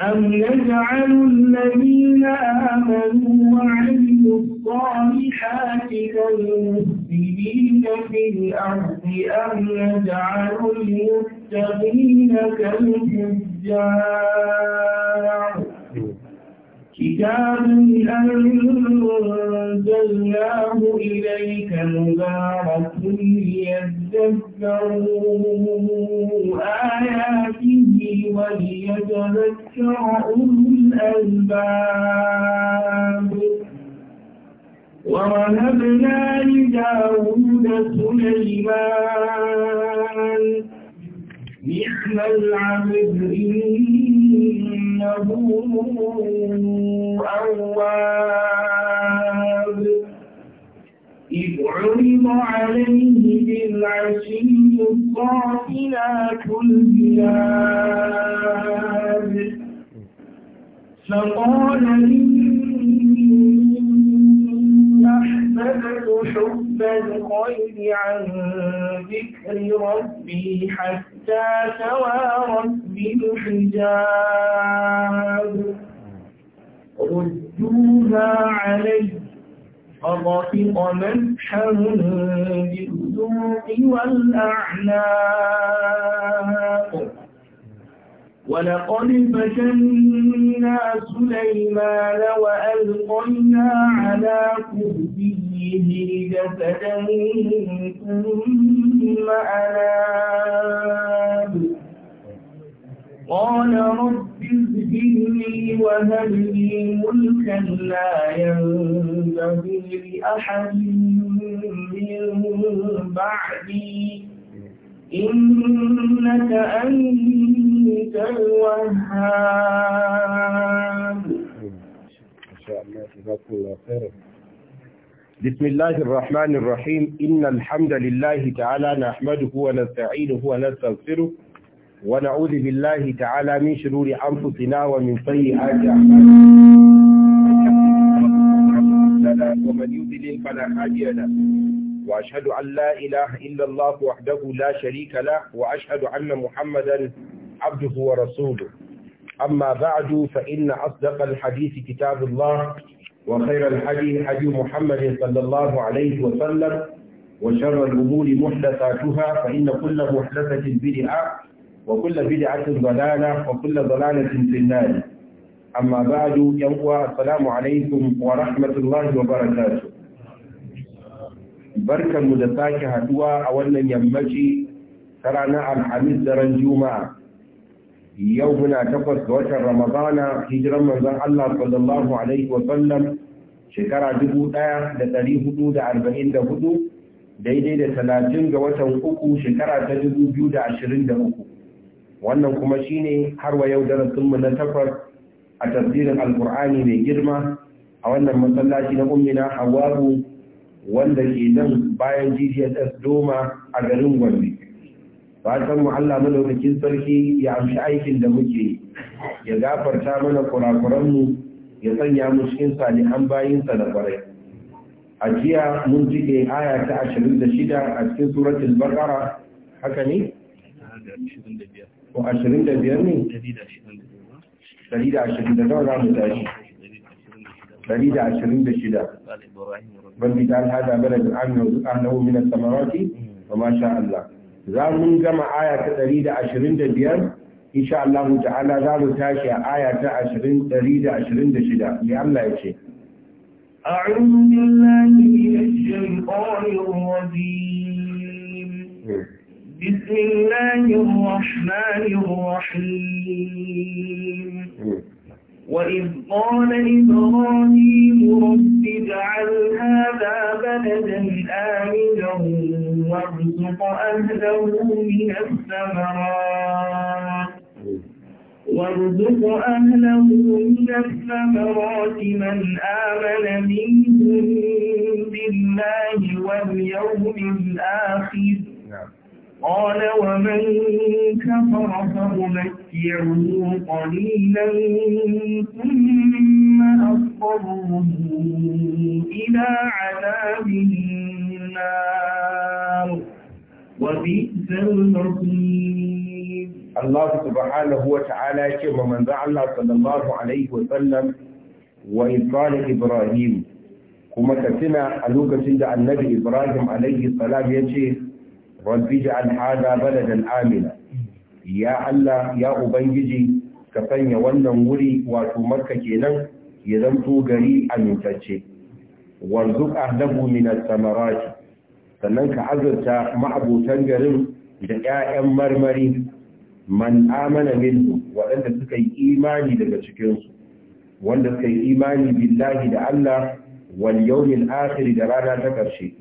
أم يجعل الذين آمنوا وعملوا الصالحات كالمفسدين في الأرض أم يجعل المتقين كالفجار كتاب أنزلناه إليك مبارك ليذكروا آياته وليتذكر أولو الألباب ووهبنا لداود سليمان نعم العبد إنه أواب إذ عرض عليه بالعشي الصافنات البلاد فقال للناس ألهمه حب الخير عن ذكر ربي حتى توارت بالحجاب ردوها علي فطفق مسحا بالذوق والأعناق ولقد فتنا سليمان وألقينا على كرسيه جسدا ثم أناب قال رب اغفرني وهب لي ملكا لا ينبغي لأحد من بعدي إنك أنت الوهاب إن شاء الله جزاكم الله خيرا بسم الله الرحمن الرحيم إن الحمد لله تعالى نحمده ونستعينه ونستغفره ونعوذ بالله تعالى من شرور أنفسنا ومن سيئات أعمالنا ومن يضلل فلا هادي له وأشهد أن لا إله إلا الله وحده لا شريك له وأشهد أن محمدا عبده ورسوله أما بعد فإن أصدق الحديث كتاب الله وخير الحديث حديث محمد صلى الله عليه وسلم وشر الأمور محدثاتها فإن كل محدثة بدعة وكل بدعة ضلالة وكل ضلالة في النار أما بعد يوم السلام عليكم ورحمة الله وبركاته Barkan mu da sake haduwa a wannan yammaci ta ranar alhamis daren juma'a yau muna takwas ga watan ramadana hijiran manzon Allah sallallahu alaihi wa sallam shekara 1444 daidai da talatin ga watan uku shekara ta 2023 wannan kuma shine har wa yau darasinmu na takwas a tafsirin alkur'ani mai girma a wannan masallaci na ummina hawaru wanda ke nan bayan GDSS Doma a garin Gombe. Fatan mu Allah madaukakin sarki ya amshi aikin da muke ya gafarta mana kurakuranmu ya sanya mu cikin salihan bayinsa da kwarai. A jiya mun jike aya ta 26 a cikin suratul Baqara haka ne? Ko 25 ne? da 125 za mu tashi. 126 rabbi ta hada balad amna min as-samarati wa ma sha Allah za mu gama aya ta 125 insha Allah ta'ala za mu tashi a aya ta 126 Me Allah ya ce أعوذ بالله بسم الله الرحمن الرحيم وإذ قال إبراهيم رب اجعل هذا بلدا آمنا وارزق أهله من الثمرات وارزق أهله من الثمرات من آمن منهم بالله واليوم الآخر قال ومن كفر فأمتعه قليلا ثم أضطره إلى عذاب النار وبئس المصير الله سبحانه وتعالى كما من ذا الله صلى الله عليه وسلم وإذ قال إبراهيم كما كتنا ألوكة عند النبي إبراهيم عليه السلام يجيه rabbi al'ada Bala baladan amina ya Allah ya ubangiji ka sanya wannan wuri wato makka kenan ya zanto gari amintacce warzuq ahlahu min as-samarati sannan ka azurta ma'abutan garin da 'ya'yan marmari man amana minhu waɗanda suka yi imani daga cikinsu wanda suka yi imani billahi da Allah wal yawmil akhir da rana ta ƙarshe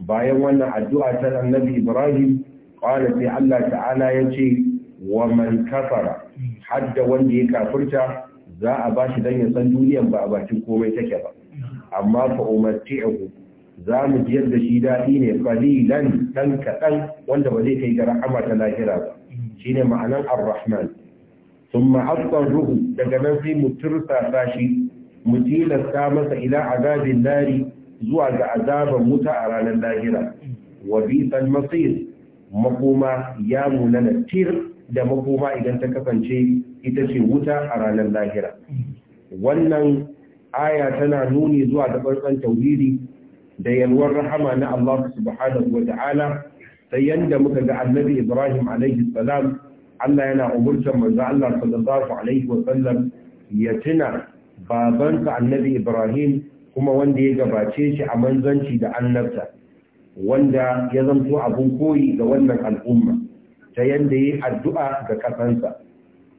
bayan wannan addu'a ta annabi Ibrahim qala sai Allah ta'ala yace wa man kafara hadda wanda ya kafirta za a bashi dan ya san duniyan ba a bakin komai take ba amma fa umatti'u za mu jiyar da shi daɗi ne qalilan ɗan kaɗan wanda ba zai kai ga rahama ta lahira ba shine ma'anan ar-rahman thumma ruhu daga nan sai mu tursasa shi mu tilasta masa ila azabin lari. zuwa ga azaban wuta a ranar lahira wa bisan masir makoma ya na tir da makoma idan ta kasance ita ce wuta a ranar lahira wannan aya tana nuni zuwa ga tsantsan tauhidi da yalwar rahama na Allah subhanahu wa ta'ala ta yanda muka ga annabi Ibrahim alaihi salam Allah yana umurtar manzo Allah sallallahu alaihi wa sallam ya tuna babansa annabi Ibrahim kuma wanda ya gabace shi a manzanci da annabta wanda ya zanto abun koyi ga wannan al'umma ta yanda yi addu'a ga kasansa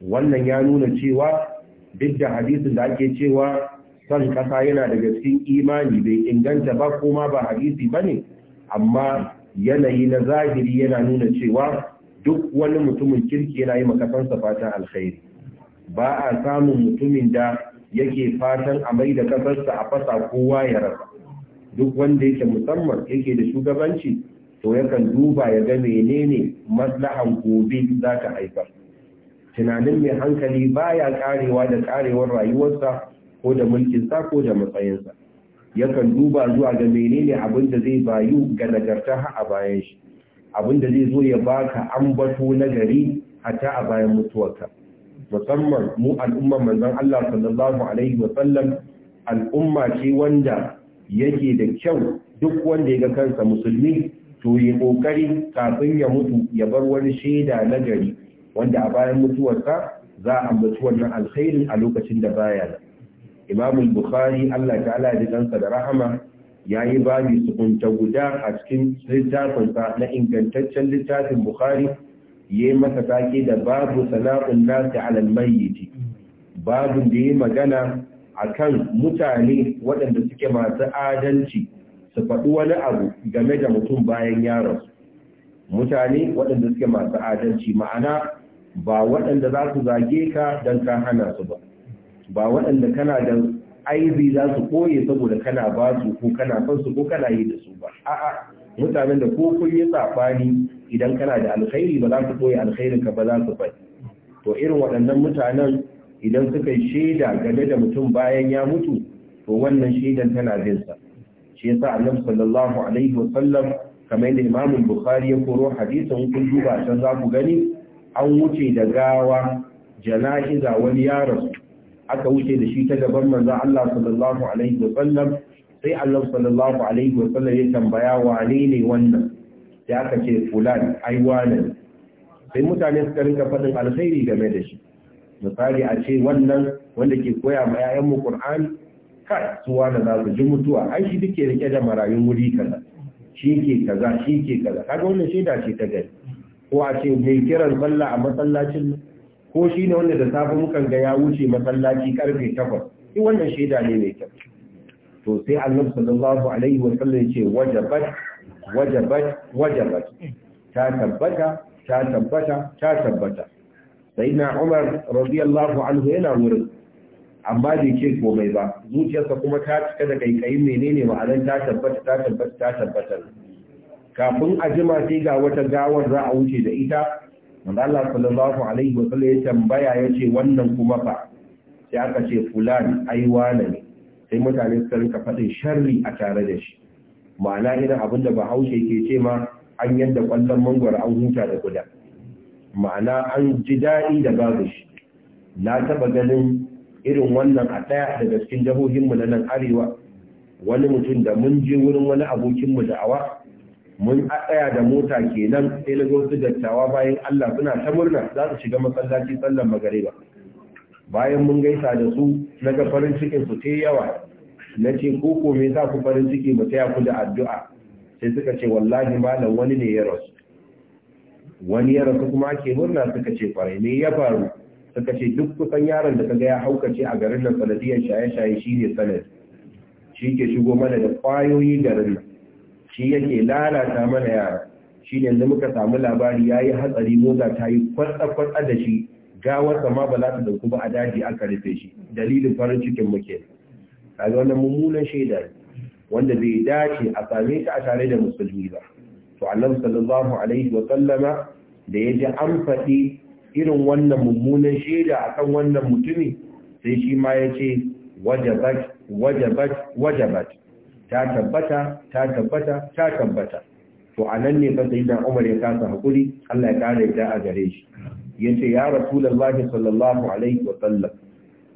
wannan ya nuna cewa duk da hadisun da ake cewa son kasa yana daga cikin imani bai inganta ba kuma ba hadisi ba ne amma yanayi na zahiri yana nuna cewa duk wani mutumin kirki yana yi makasansa fatan alkhairi ba a samun mutumin da yake fatan a mai da kafarsa a fasa kowa ya rasa duk wanda yake musamman yake da shugabanci to yakan duba ya ga menene maslahan gobe za ka haifar tunanin mai hankali baya karewa da karewar rayuwarsa ko da mulkinsa ko da matsayinsa yakan duba zuwa ga menene abin da zai bayu ga nagarta a bayan shi abin da zai zo ya baka ambato nagari hatta a bayan mutuwarka musamman mu al'umman manzon Allah sallallahu alaihi wa sallam al'umma ce wanda yake da kyau duk wanda ya ga kansa musulmi to ya ƙoƙari kafin ya mutu ya bar wani shaida na gari wanda a bayan mutuwarsa za a ambaci wannan alkhairin a lokacin da baya nan Imam Bukhari Allah ta'ala ya kansa da rahama yayi babi sukunta guda a cikin littafinsa na ingantaccen littafin Bukhari Yi masa take da babu sana'un nasi alal mayyiti Babu da yayi magana a kan mutane waɗanda suke masu adalci su faɗi wani abu game da mutum bayan yaron mutane waɗanda suke masu adalci ma'ana ba waɗanda za su zage ka don ka hana su ba ba waɗanda kana da aibi za su koye saboda kana ba su ko kana son su ko kana yi da su ba a'a mutanen da ko kun yi tsafani idan kana da alkhairi ba za ka koyi alkhairin ka ba za su faɗi to irin waɗannan mutanen idan suka yi shaida game da mutum bayan ya mutu to wannan shaidan tana bin sa shi yasa annabi sallallahu alaihi sallam, kamar da imam bukhari ya koro hadisin kun duba can za ku gani an wuce da gawa jana'iza wani yaron aka wuce da shi ta gaban manzo Allah sallallahu alaihi sallam, sai Allah sallallahu alaihi sallam ya tambaya wane ne wannan ya aka ce fulan ai sai mutane suka rinka faɗin alkhairi game da shi misali a ce wannan wanda ke koya ma 'ya'yanmu Qur'an kai su wani za su ji mutuwa ai shi duke rike da marayun wuri kaza shi ke kaza shi ke kaza kaga wannan shaida ce ta gari ko a ce mai kiran sallah a masallacin ko shi ne wanda da safe mukan ga ya wuce masallaci karfe takwas shi wannan shaida ne mai kyau to sai annabi sallallahu alaihi wa sallam ya ce wajabat wajabat wajabat ta tabbata ta tabbata ta tabbata sai na umar radiyallahu anhu yana wurin amma bai ce komai ba zuciyarsa kuma ta cika da kaikayin menene ma'anar ta tabbata ta tabbata ta tabbata kafin a jima sai ga wata gawar za a wuce da ita manzo Allah sallallahu alaihi wa sallam ya tambaya ya ce wannan kuma fa sai aka ce fulani ai ne sai mutane suka rinka fadin sharri a tare da shi ma'ana irin abin da bahaushe ke ce ma an yadda kwallon mangwaro an huta da guda ma'ana an ji daɗi da babu shi na taɓa ganin irin wannan a ɗaya daga cikin jihohinmu na nan arewa wani mutum da mun je wurin wani abokinmu da awa mun tsaya da mota kenan sai na zo su dattawa bayan Allah suna ta murna za su shiga masallaci sallan magariba bayan mun gaisa da su na ga farin cikin su ta yawa na ce ko ko me za ku farin ciki mu ta ku da addu'a sai suka ce wallahi malam wani ne ya rasu wani ya rasu kuma ke murna suka ce kwarai me ya faru suka ce duk kusan yaron da kaga ya haukace a garin nan sanadiyar shaye-shaye shi ne sanad shi ke shigo mana da kwayoyi garin nan shi yake lalata mana yara shi ne muka samu labari ya yi hatsari moza ta yi kwatsa-kwatsa da shi gawar ma ba za ta dauku ba a daji aka rufe shi dalilin farin cikin muke kaga wannan mummunan shaida wanda bai dace a same ta a tare da musulmi ba to annabi sallallahu alaihi wa sallama da ya ji an faɗi irin wannan mummunan shaida akan wannan mutumi sai shi ma ya ce wajabat wajabat wajabat ta tabbata ta tabbata ta tabbata to anan ne fa sayyidan Umar ya kasa hakuri Allah ya kare da a gare shi yace ya rasulullahi sallallahu alaihi wa sallam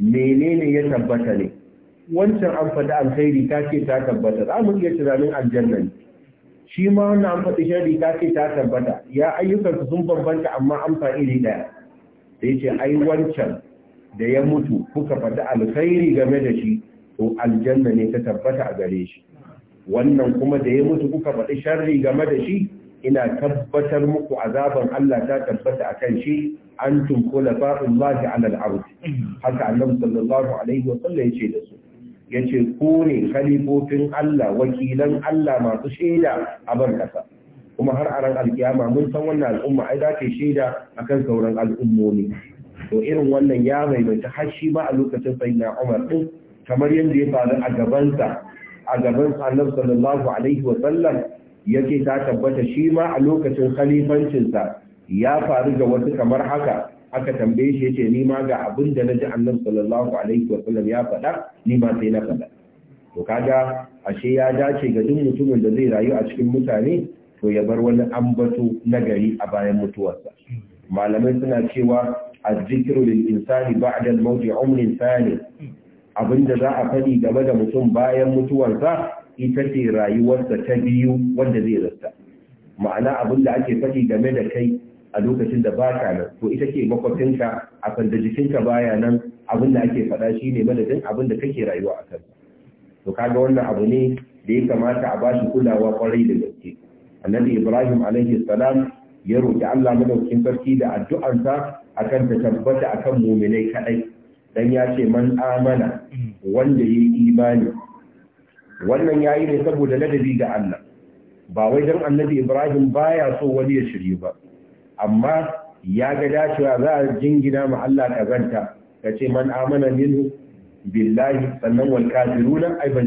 menene ya tabbata ne wancan an faɗi alkhairi ta ce ta tabbata za mu iya tunanin aljanna ne shi ma wannan an faɗi shari ta ce ta tabbata ya ayyukansu sun bambanta amma an iri ɗaya sai ce ai wancan da ya mutu kuka faɗi alkhairi game da shi to aljanna ne ta tabbata a gare shi wannan kuma da ya mutu kuka faɗi sharri game da shi ina tabbatar muku azaban Allah ta tabbata akan shi antum khulafa'ullahi 'ala al-ard haka annabi sallallahu alaihi wa sallam yace da su ya ce 'Ko ne khalifofin Allah wakilan Allah masu shaida a ban kuma har a ran alkiyama mun san wannan al'umma ai za ta shaida akan sauran al'ummomi to irin wannan ya maimaita har shi ba a lokacin sayyidina Umar din kamar yadda ya faru a gabansa a gaban Annabi sallallahu alaihi wa sallam yake ta tabbata shi ma a lokacin khalifancinsa ya faru ga wasu kamar haka aka tambaye shi yace ni ma ga abin da naji annabi sallallahu alaihi wasallam ya faɗa ni ma sai na faɗa to kaga ashe ya dace ga duk mutumin da zai rayu a cikin mutane to ya bar wani ambato nagari a bayan mutuwarsa malamai suna cewa azzikiru lil insani ba'da al-maut umrin thani abinda za a faɗi game da mutum bayan mutuwarsa ita ce rayuwarsa ta biyu wanda zai rasta ma'ana abinda ake faɗi game da kai a lokacin da ba ka nan to ita ke makwafinka a kan jikinka baya nan abin da ake faɗa shi ne madadin abin da kake rayuwa a kansa to kaga wannan abu ne da ya kamata a bashi kulawa kwarai da gaske annabi ibrahim alaihi salam ya roƙi allah madaukin sarki da addu'arsa akan ta tabbata akan muminai kaɗai dan ya ce man amana wanda ya yi imani wannan ya yi ne saboda ladabi ga allah ba wai don annabi ibrahim baya so wani ya shirye ba amma ya ga dacewa za a jingina ma Allah zanta ka ce man amana minhu billahi sannan wal kafiruna ai ba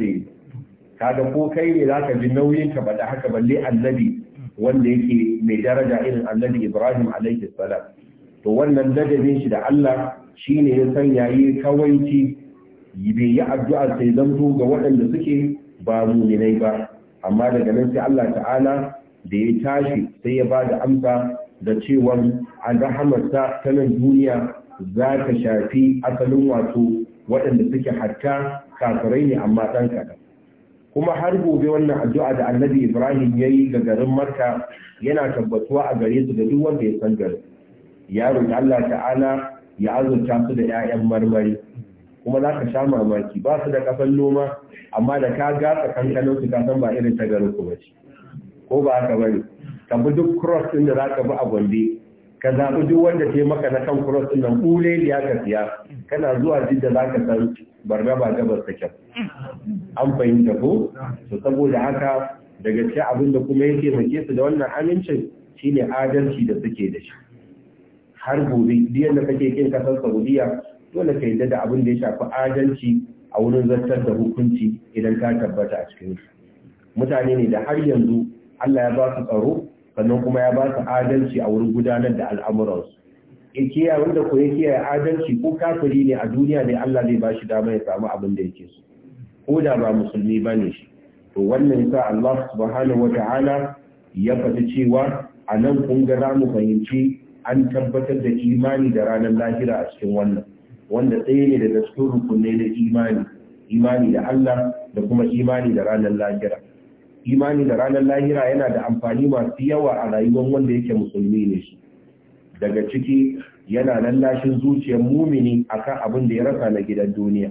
kaga ko kai ne zaka bi nauyin ka bada haka balle annabi wanda yake mai daraja irin annabi Ibrahim alaihi salam to wannan ladabin shi da Allah shine ya sanya yi kawaici bai yi addu'a sai zanto ga waɗanda suke ba muminai ba amma daga nan sai Allah ta'ala da ya tashi sai ya ba da amsa da cewan an rahamarsa ta nan duniya za ka shafi asalin wato waɗanda suke hatta kafirai ne amma ɗan kaɗan kuma har gobe wannan addu'a da annabi ibrahim ya yi ga garin makka yana tabbatuwa a gare su da duk wanda ya san garin ya roƙi allah ta'ala ya azurta su da 'ya'yan marmari kuma za ka sha mamaki ba su da kasan noma amma da ka gasa kankanin su san ba irin ta garin ku ba ce ko ba haka bane ka bi duk cross din da zaka bi a Gombe ka zabi duk wanda taimaka maka na kan cross din nan da ya ka siya kana zuwa jidda zaka san barga ba gabas ta kyau an fahimta ko to saboda haka daga gaske abin da kuma yake make su da wannan amincin shine adalci da suke da shi har gobe diyan da kake kin kasar Saudiya dole ka yadda da abin da ya shafi adalci a wurin zartar da hukunci idan ka tabbata a cikin mutane ne da har yanzu Allah ya ba su tsaro sannan kuma ya ba su adalci a wurin gudanar da al'amuransu ya kiyaye wanda ko ya kiyaye adalci ko kafiri ne a duniya ne Allah zai ba shi dama ya samu abin da yake so ko da ba musulmi ba ne shi to wannan yasa Allah subhanahu ta'ala ya faɗi cewa a nan kun ga za mu fahimci an tabbatar da imani da ranar lahira a cikin wannan wanda ɗaya ne daga cikin rukunai na imani imani da Allah da kuma imani da ranar lahira imani da ranar lahira yana da amfani masu yawa a rayuwar wanda yake musulmi ne shi daga ciki yana lallashin zuciyar mumini kan abin da ya rasa na gidan duniya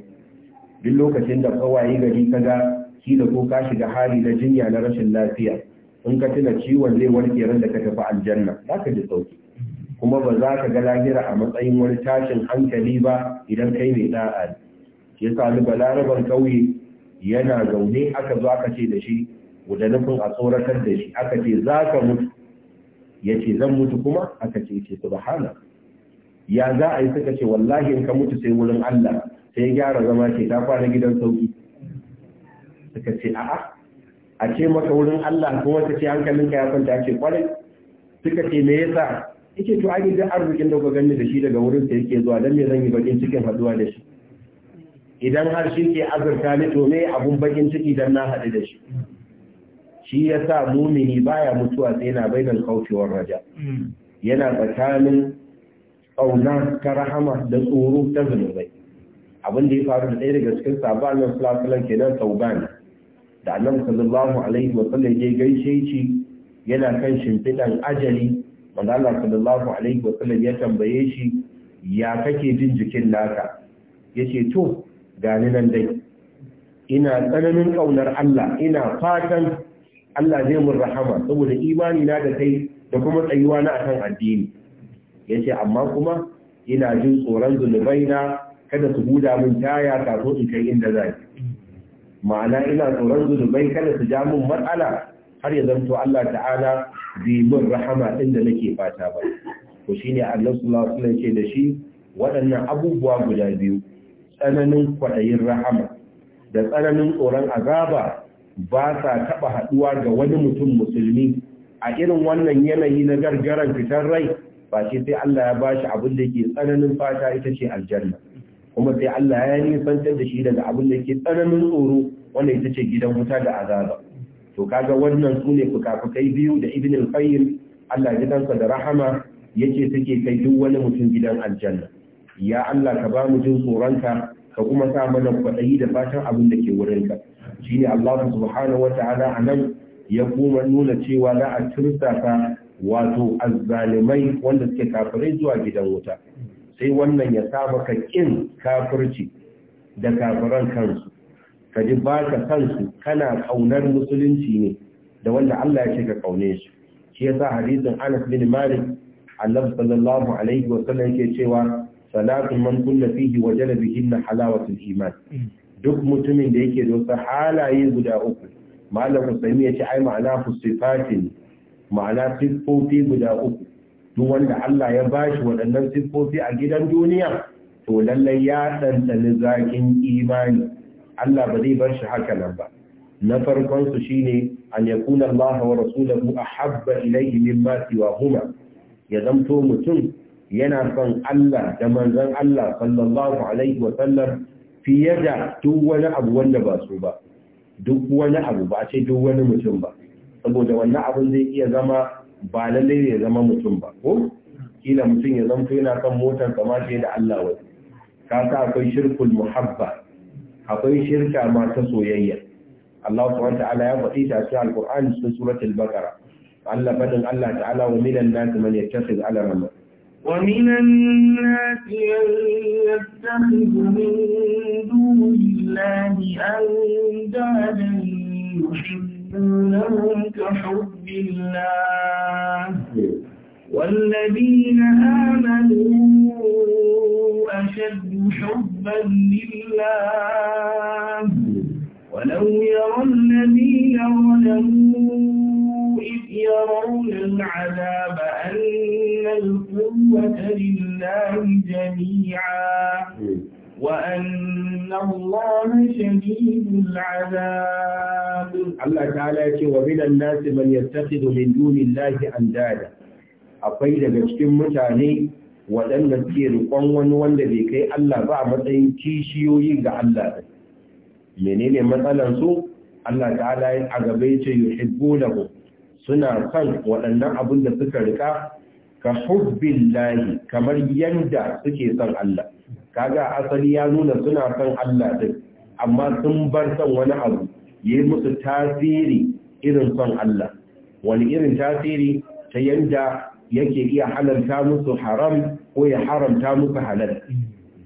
duk lokacin da kawaye gari ka ga kila ko ka shiga hari na jinya na rashin lafiya in ka tuna ciwon zai warke ran da ka tafi aljanna za ka ji sauki kuma ba za ka ga lahira a matsayin wani tashin hankali ba idan kai mai da'a ne Ya sami balarabar balaraban kauye yana zaune aka zo aka ce da shi da nufin a tsoratar da shi aka ce za ka mutu ya ce zan mutu kuma aka ce ce bahana ya za a yi suka ce wallahi in ka mutu sai wurin Allah sai gyara zama ce ta kwana gidan sauki suka ce a'a a ce maka wurin Allah kuma ta ce hankalinka ya kwanta ce kwarai suka ce me yasa yake to ai da arzikin da kuka gani da shi daga wurin sa yake zuwa dan me zan yi bakin cikin haduwa da shi idan har shi ke azurta ni to me abun bakin ciki dan na haɗu da shi shi ya sa mumini baya mutuwa sai na bai da war raja yana tsakanin kauna ta rahama da tsoro ta zunubai abin da ya faru da ɗaya daga cikin sabanin sulasulan kenan ne. da annabi sallallahu alaihi wa sallam ya gaishe shi yana kan shimfidan ajali wanda Allah sallallahu alaihi wa sallam ya tambaye shi ya kake jin jikin naka yace to gani nan dai ina tsananin ƙaunar Allah ina fatan Allah zai mun rahama saboda imani na da kai da kuma tsayuwa na akan addini yace amma kuma ina jin tsoron zunubai na kada su huda min taya kafin in kai inda zai ma'ana ina tsoron zunubai kada su ja min matsala har ya zanto Allah ta'ala bi mun rahama din da nake fata ba to shine Allah sallallahu alaihi wasallam da shi waɗannan abubuwa guda biyu tsananin kwaɗayin rahama da tsananin tsoron azaba ba sa taɓa haɗuwa ga wani mutum musulmi a irin wannan yanayi na gargaran fitar rai ba shi sai Allah ya bashi abin da ke tsananin fata ita ce aljanna kuma sai Allah ya nisantar da shi daga abin da ke tsananin tsoro wanda ita ce gidan wuta da azaba to kaga wannan su ne fukafukai biyu da ibn al-qayyim Allah gidansa da rahama yace take kai duk wani mutum gidan aljanna ya Allah ka ba mu jin tsoronka ka kuma sa mana kwaɗayi da fatan abin da ke wurin ka. Shi ne Allah subhanahu wa ta'ala nan ya kuma nuna cewa za a tursasa wato azzalimai wanda suke kafirai zuwa gidan wuta sai wannan ya sa maka kin kafirci da kafiran kansu ka ji ba ka san kana kaunar musulunci ne da wanda Allah ya ce ka kaune shi shi ya sa hadisin Anas bin Malik Allah sallallahu alaihi wa sallam yake cewa Salatu man kunna fihi wa jalabihinna halawatul iman duk mutumin da yake da wasu halaye guda uku malam Usaimi ya ce ai ma'ana fusifatin ma'ana siffofi guda uku duk wanda Allah ya bashi waɗannan siffofi a gidan duniya to lallai ya ɗanɗani zakin imani Allah ba zai bar shi haka nan ba na farkon su shine an yakuna Allah wa rasuluhu ahabba ilayhi mimma siwa huma ya zamto mutum yana son Allah da manzan Allah sallallahu alaihi wa fiye da duk wani abu wanda ba su ba duk wani abu ba ce duk wani mutum ba saboda wannan abun zai iya zama ba lallai ya zama mutum ba ko kila mutum ya zamto yana kan motar kama ce da Allah wasu ka sa akwai shirkul muhabba akwai shirka ma ta soyayya Allah subhanahu ta'ala ya faɗi ta cikin Al-Qur'ani cikin suratul Baqara Allah fadin Allah ta'ala wa minan nas man yattakhidhu ala ومن الناس من يتخذ من دون الله أندادا يحبونهم كحب الله والذين آمنوا أشد حبا لله ولو يرى الذين ظلموا يرون العذاب أن القوة لله جميعا وأن الله شديد العذاب الله تعالى ومن الناس من يتخذ من دون الله أندادا akwai daga cikin mutane waɗanda suke riƙon wani wanda bai kai Allah ba a matsayin kishiyoyi ga Allah menene matsalar su Allah ta'ala a gaba ya ce yuhibbu lahu suna son waɗannan abin da suka rika ka hubbin lahi kamar yadda suke son Allah kaga asali ya nuna suna son Allah din amma sun bar son wani abu yi musu tasiri irin son Allah wani irin tasiri ta yadda yake iya halarta musu haram ko ya haramta musu halal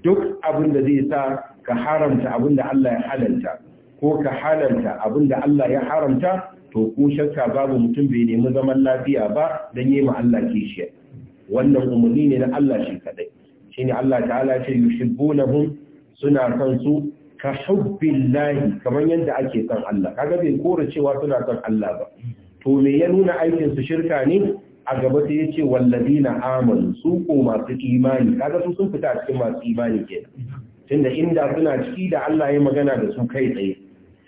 duk abin da zai sa ka haramta abin da Allah ya halarta ko ka halarta abin da Allah ya haramta to ko shakka babu mutum bai nemi zaman lafiya ba dan yi ma Allah kishiya wannan umarni ne na Allah shi kadai shine Allah ta'ala ce yuhibbunahum suna son su ka hubbillahi kamar yadda ake son Allah kaga bai kore cewa suna son Allah ba to me ya nuna aikin su shirka ne a gaba sai yace wallazina amanu su ko masu imani kaga su sun fita cikin masu imani kenan tunda inda suna ciki da Allah ya magana da su kai tsaye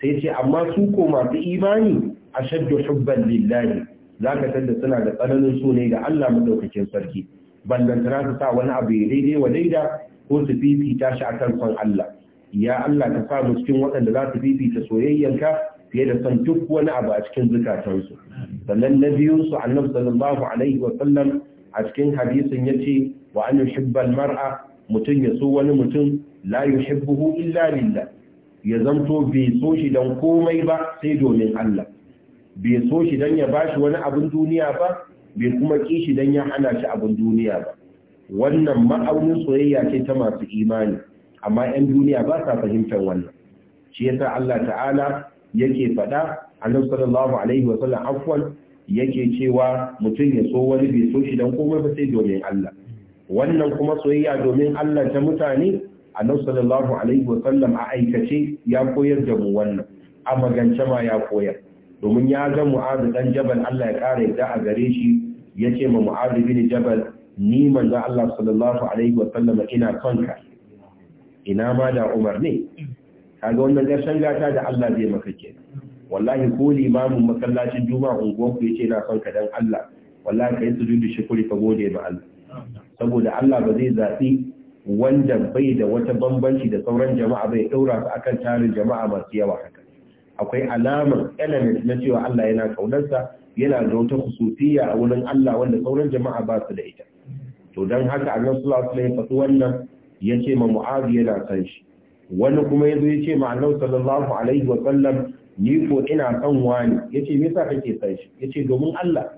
sai ce amma su ko masu imani ashaddu hubban lillahi zaka tanda suna da tsananin so ne ga Allah madaukakin sarki tana ta sa wani abu ya daidai wa daida ko su fifita shi akan son Allah ya Allah ka sa mu cikin waɗanda za su fifita soyayyanka fiye da son duk wani abu a cikin zukatansu sannan na biyun su annabi sallallahu alaihi wa sallam a cikin hadisin yace wa an yuhibba mar'a mutum ya so wani mutum la yuhibbuhu illa lillah ya zanto bai so shi dan komai ba sai domin Allah bai so shi don ya ba shi wani abin duniya ba bai kuma ƙi shi don ya hana shi abin duniya ba wannan ma'aunin soyayya ce ta masu imani amma 'yan duniya ba sa fahimtar wannan shi yasa Allah ta'ala yake faɗa annabi sallallahu alaihi wa sallam afwan yake cewa mutum ya so wani bai so shi dan komai ba sai domin Allah wannan kuma soyayya domin Allah ta mutane annabi sallallahu alaihi wa sallam a aikace ya koyar da mu wannan a magance ma ya koyar domin ya ga mu'adu dan jabal Allah ya kare da a gare shi ya ce ma mu'adu bin jabal ni manzo Allah sallallahu alaihi wa sallam ina kanka ina ma da Umar ne kaga wannan garshen gata da Allah zai maka ke wallahi ko limamin masallacin juma'a unguwan ku yace na kanka dan Allah wallahi kai sujudu shukuri ka gode ma Allah saboda Allah ba zai zafi wanda bai da wata bambanci da sauran jama'a bai daura su akan tarin jama'a masu yawa haka akwai alamar element na cewa Allah yana kaunarsa yana da wata khususiyya a wurin Allah wanda sauran jama'a ba su da ita to dan haka Allah sallallahu alaihi wasallam wannan yace ma Mu'az yana san shi wani kuma yazo yace ma Allah sallallahu alaihi wasallam ni ko ina san wani yace me yasa kake san shi yace domin Allah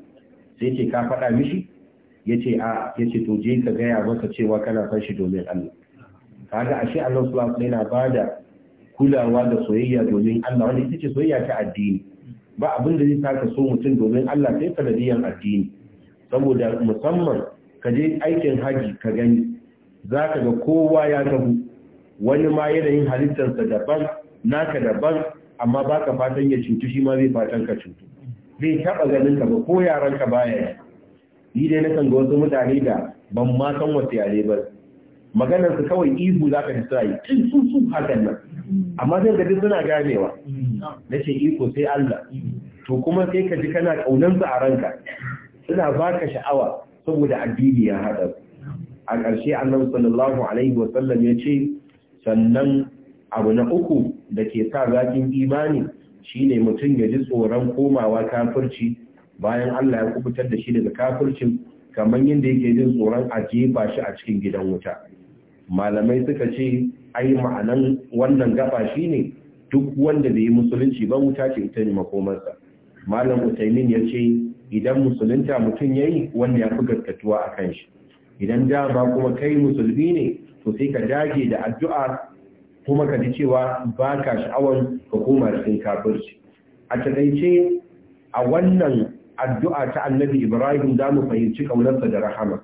sai yace ka faɗa mishi yace a yace to je ka gaya ya maka cewa kana san shi domin Allah kaga ashe Allah sallallahu alaihi wasallam yana bada kulawa da soyayya domin Allah wanda ita ce soyayya ta addini ba abin da zai saka so mutum domin Allah sai sanadiyan addini saboda musamman ka je aikin haji ka gani za ka ga kowa ya tabu wani ma yanayin halittarsa daban naka daban amma ba ka fatan ya cutu shi ma zai fatan ka cutu zai taɓa ganin ka ba ko yaran ka baya yi dai nakan ga wasu mutane da ban ma san wasu yare ba maganar su kawai ihu za ka fi sa yi tun sun sun hakan nan amma zai gaji suna ganewa mm. na ce iko sai Allah mm. to kuma sai ka ji kana ƙaunansu a ranka suna baka sha'awa saboda addini ya haɗa a ƙarshe annabi sallallahu alaihi wa sallam ya ce sannan abu na uku da ke sa zakin imani shine mutum ya ji tsoron komawa kafirci bayan Allah ya kubutar da shi daga kafircin kamar yadda yake jin tsoron a jefa shi a cikin gidan wuta malamai suka ce ai ma'anan wannan gaba ne, duk wanda bai yi musulunci ba wuta ce ita ne makomarsa malam Usaimin ya ce idan musulunta mutum ya yi, wanda ya fi gaskatuwa a kan shi idan dama kuma kai musulmi ne to sai ka dage da addu'a kuma ka ji cewa ba ka sha'awar ka koma cikin kafirci a takaice a wannan addu'a ta annabi Ibrahim za mu fahimci kaunarsa da rahama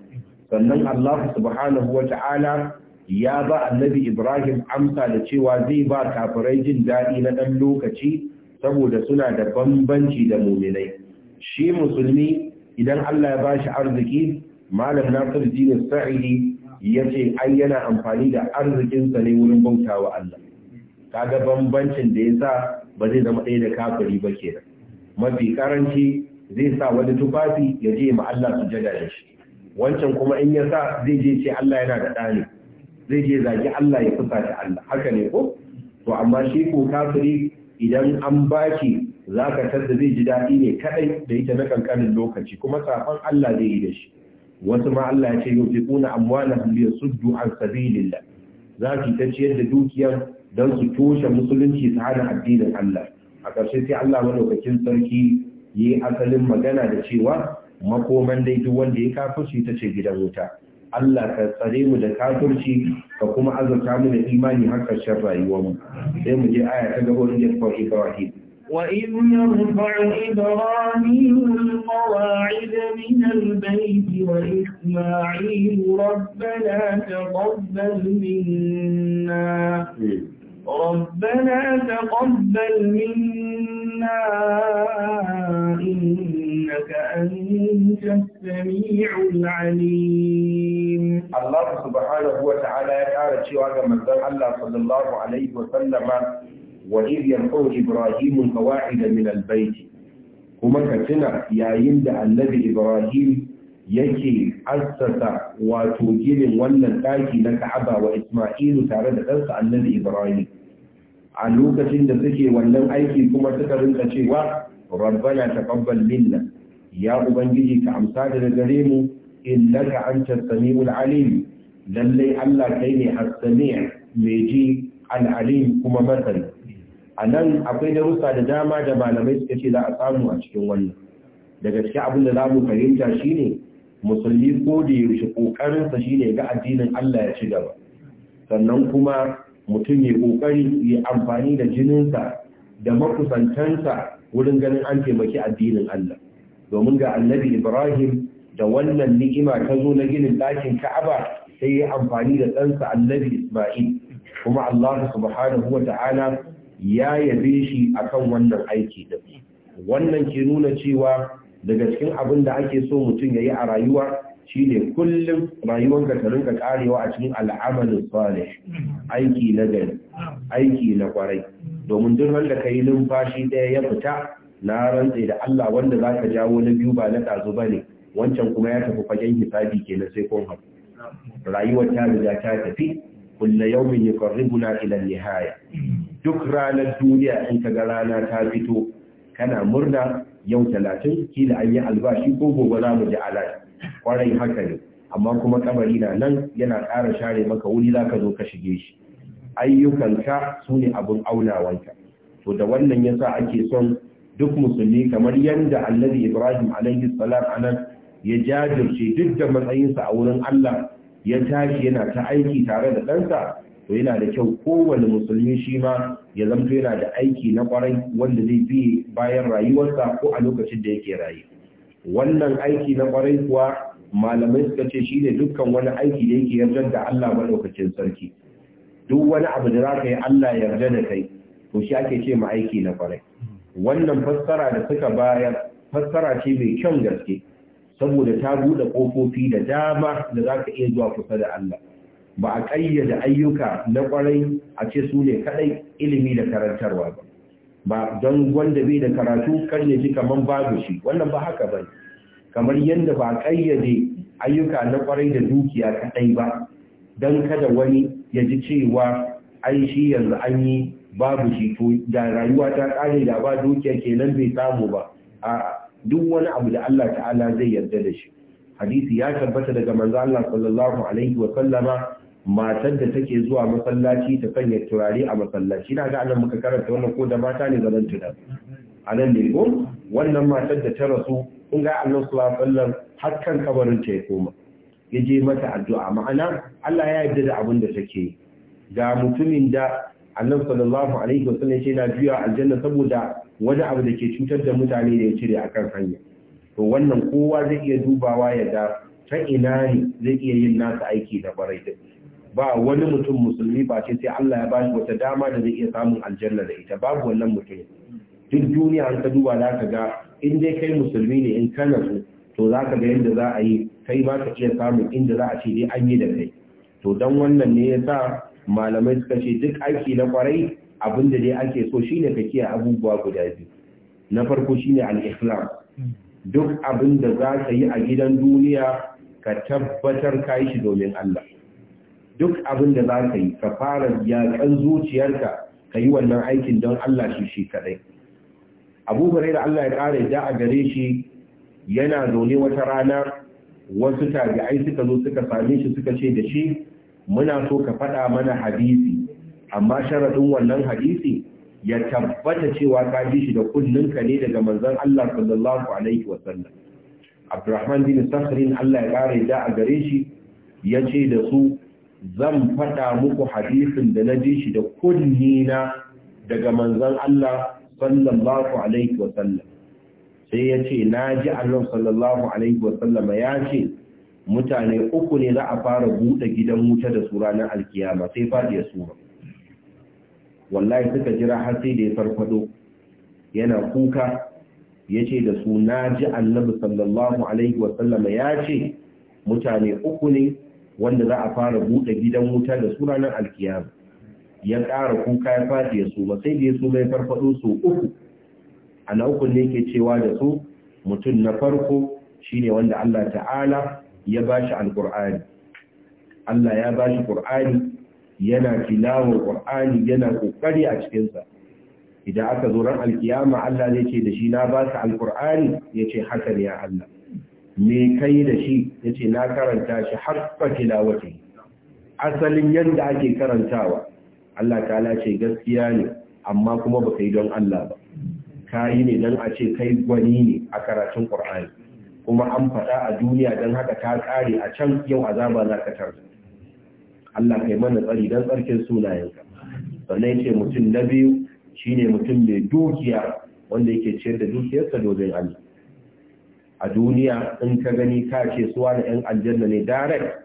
sannan Allah subhanahu wa ta'ala ya ba annabi Ibrahim amsa da cewa zai ba kafirai jin daɗi na ɗan lokaci saboda suna da bambanci da muminai. Shi musulmi idan Allah ya bashi arziki, Malam Nasir Jini Sa'idi ya ce ai yana amfani da arzikinsa ne wurin bauta wa Allah. Kaga bambancin da ya sa ba zai zama ɗaya da kafiri ba kenan. Mafi karanci zai sa wani tufafi ya je ma Allah sujada da shi. Wancan kuma in ya sa zai je ce Allah yana da ɗani. zai je zagi Allah ya fusa da Allah haka ne ko to amma shi ko kafiri idan an baki zaka tada zai ji dadi ne kadai da ita na kankanin lokaci kuma safan Allah zai yi da shi wasu ma Allah ya ce yufiquna amwalahum liyasuddu an sabilillah zaki ta ciyar da dukiyar don su toshe musulunci su hana addinin Allah a ƙarshe sai Allah madaukakin sarki yi asalin magana da cewa makoman dai duk wanda ya kafirci ta ce gidan wuta Allah ka tsare mu da kafirci ka kuma azurta mu da imani har ƙarshen rayuwarmu sai mu je aya ta gaba wajen jefa ibrahim وإذ يرفع إبراهيم القواعد من البيت وإسماعيل ربنا تقبل منا ربنا تقبل منا إن إنك أنت السميع العليم الله سبحانه وتعالى يقال شواك من الله صلى الله عليه وسلم وإذ ينقر إبراهيم القواعد من البيت kuma ka yayin da annabi ibrahim yake assasa wato ginin wannan ɗaki na ka'aba wa isma'ilu tare da ɗansa annabi ibrahim a lokacin da suke wannan aiki kuma suka rinka cewa rabbana taqabbal minna ya ubangiji ka amsa da gare mu innaka antas samiul alim lallai Allah kai ne mai ji al-alim kuma A nan, akwai darussa da dama da malamai suka ce za a samu a cikin wannan daga cikin abin da mu fahimta shine musulmi ko da yaushe ƙoƙarinsa sa shine ga addinin Allah ya ci gaba sannan kuma mutum ya ƙoƙari ya amfani da jininsa da makusantansa wurin ganin an taimaki addinin Allah domin ga annabi ibrahim da wannan ni'ima ta zo na ginin ɗakin ka'aba sai ya amfani da ɗansa annabi isma'il kuma allah subhanahu wa ta'ala ya yabe shi akan wannan aiki din wannan ke nuna cewa daga cikin abin da ake so mutum ya yi a rayuwa shine kullum rayuwarka ta rinka karewa a cikin al'amalin salih aiki na gani, aiki na kwarai domin duk wanda ka yi numfashi ɗaya ya fita na rantse da Allah wanda za ka jawo na biyu ba na ɗazu ba ne wancan kuma ya tafi fagen hisabi na sai kun haɗu rayuwar ta riga ta tafi kulla yawmin yuqarribuna ila nihaya duk ranar duniya in ka ga rana ta fito kana murna yau talatin kila an yi albashi ko gobe za mu ji alat kwarai haka ne amma kuma kamari na nan yana ƙara share maka wuri za ka zo ka shige shi ayyukanka su ne abin aunawanka to da wannan yasa ake son duk musulmi kamar yadda annabi Ibrahim alaihi salam anan ya jajirce duk da matsayinsa a wurin Allah ya tashi yana ta aiki tare da ɗansa to yana da kyau kowane musulmi shi ma ya zamto yana da aiki na kwarai wanda zai bi bayan rayuwarsa ko a lokacin da yake rayu wannan aiki na kwarai kuwa malamai suka ce shi ne dukkan wani aiki da yake yarda da Allah lokacin sarki duk wani abu da za ka yi Allah yarda da kai to shi ake ce ma aiki na kwarai wannan fassara da suka bayar fassara ce mai kyan gaske saboda ta buɗe ƙofofi da dama da za ka iya zuwa kusa da Allah ba a ƙayyade ayyuka na ƙwarai a ce su ne kaɗai ilimi da karantarwa ba ba don wanda bai da karatu kan ya ji kamar babu shi wannan ba haka ba kamar yadda ba ƙayyade ayyuka na ƙwarai da dukiya kaɗai ba don kada wani ya ji cewa ai shi yanzu an yi babu shi to da rayuwa ta kare da ba dukiya kenan bai samu ba a duk wani abu da Allah ta'ala zai yarda da shi hadisi ya tabbata daga manzo Allah sallallahu alaihi wa sallama matar da take zuwa masallaci ta sanya turare a masallaci na ga anan muka karanta wannan ko da mata ne zaman tunan anan ne ko wannan matar da ta rasu kun ga Allah sallallahu alaihi wa sallam kabarin ta ya koma ya je mata addu'a ma'ana Allah ya yarda da abin da take yi ga mutumin da annabi sallallahu alaihi wasallam shi na juya aljanna saboda wani abu da ke cutar da mutane da ya cire akan hanya to wannan kowa zai iya dubawa ya ga ta ina ne zai iya yin nasa aiki da barai da ba wani mutum musulmi ba ce sai Allah ya ba shi wata dama da zai iya samun aljanna da ita babu wannan mutum duk duniya an ta duba za ka ga in dai kai musulmi ne in kana so to za ka ga yadda za a yi kai ba ka iya samun inda za a ce dai an yi da kai to don wannan ne ya sa malamai suka ce duk aiki na kwarai abin da dai ake so shine ka kiyaye abubuwa guda biyu na farko shine al-ikhlas duk abin za ka yi a gidan duniya ka tabbatar ka yi shi domin Allah duk abin za ka yi ka fara yaƙan zuciyarka ka yi wannan aikin don Allah shi shi Abubuwa abu da Allah ya ƙara da a gare shi yana zaune wata rana wasu tabi'ai suka zo suka same shi suka ce da shi muna so ka faɗa mana hadisi amma sharaɗin wannan hadisi ya tabbata cewa ka ji shi da ka ne daga manzon Allah sallallahu alaihi wasallam Abdurrahman bin Sakhrin Allah ya kare da a gare shi ya ce da su zan faɗa muku hadisin da na ji shi da na daga manzon Allah sallallahu alaihi wasallam sai ya ce na ji Allah sallallahu alaihi wasallam ya ce mutane uku ne za a fara buɗe gidan wuta da su alkiyama sai ya sura wallahi suka jira har sai da ya farfado yana kuka ya ce da su na ji annabi sallallahu alaihi wasallama ya ce mutane uku ne wanda za a fara buɗe gidan wuta da su ranar alkiyama ya ƙara kuka ya ya sura sai da ya sura ya farfado su uku a na uku ne ke cewa da su mutum na farko shine wanda Allah ta'ala ya bashi Alƙur'ani, Allah ya bashi ƙur'ani yana tilawar ƙur'ani yana ƙoƙari a cikinsa. idan aka zo ran alkiyama Allah zai ce da shi na baka alqur'ani yace haka ne ya Allah me kai da shi yace na karanta shi haqqa tilawati asalin yadda ake karantawa Allah ta lace gaskiya ne amma kuma baka yi don Allah ba ka yi ne don a ce kai gwani ne a karatun ƙur'ani kuma an faɗa a duniya don haka ta ƙare a can yau azaba za ka tar Allah kai mana tsari don tsarkin sunayenka sannan ce mutum na biyu shine mutum mai dukiya wanda yake ciyar da dukiyarsa domin Allah a duniya in ka gani ka ce suwa na 'yan aljanna ne direct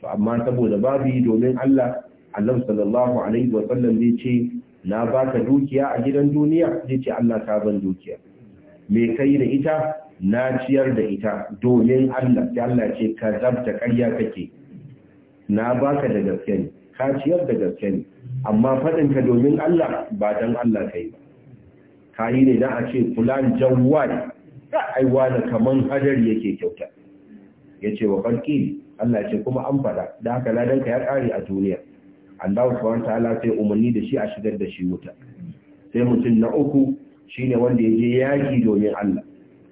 to amma saboda babu yi domin Allah Allah sallallahu alaihi wa sallam zai ce na baka dukiya a gidan duniya zai ce Allah ta ban dukiya me kai da ita na ciyar da ita domin Allah ya Allah ce ka zabta ƙarya kake na baka da gaske ne ka ciyar da gaske ne amma faɗin ka domin Allah ba dan Allah kai ba ka yi ne dan a ce fulan jawwal ai wani kaman hadari yake kyauta yace wa farki Allah ce kuma an faɗa da haka ladan ka ya ƙare a duniya Allah subhanahu ta'ala sai umarni da shi a shigar da shi wuta sai mutum na uku shine wanda ya je yaki domin Allah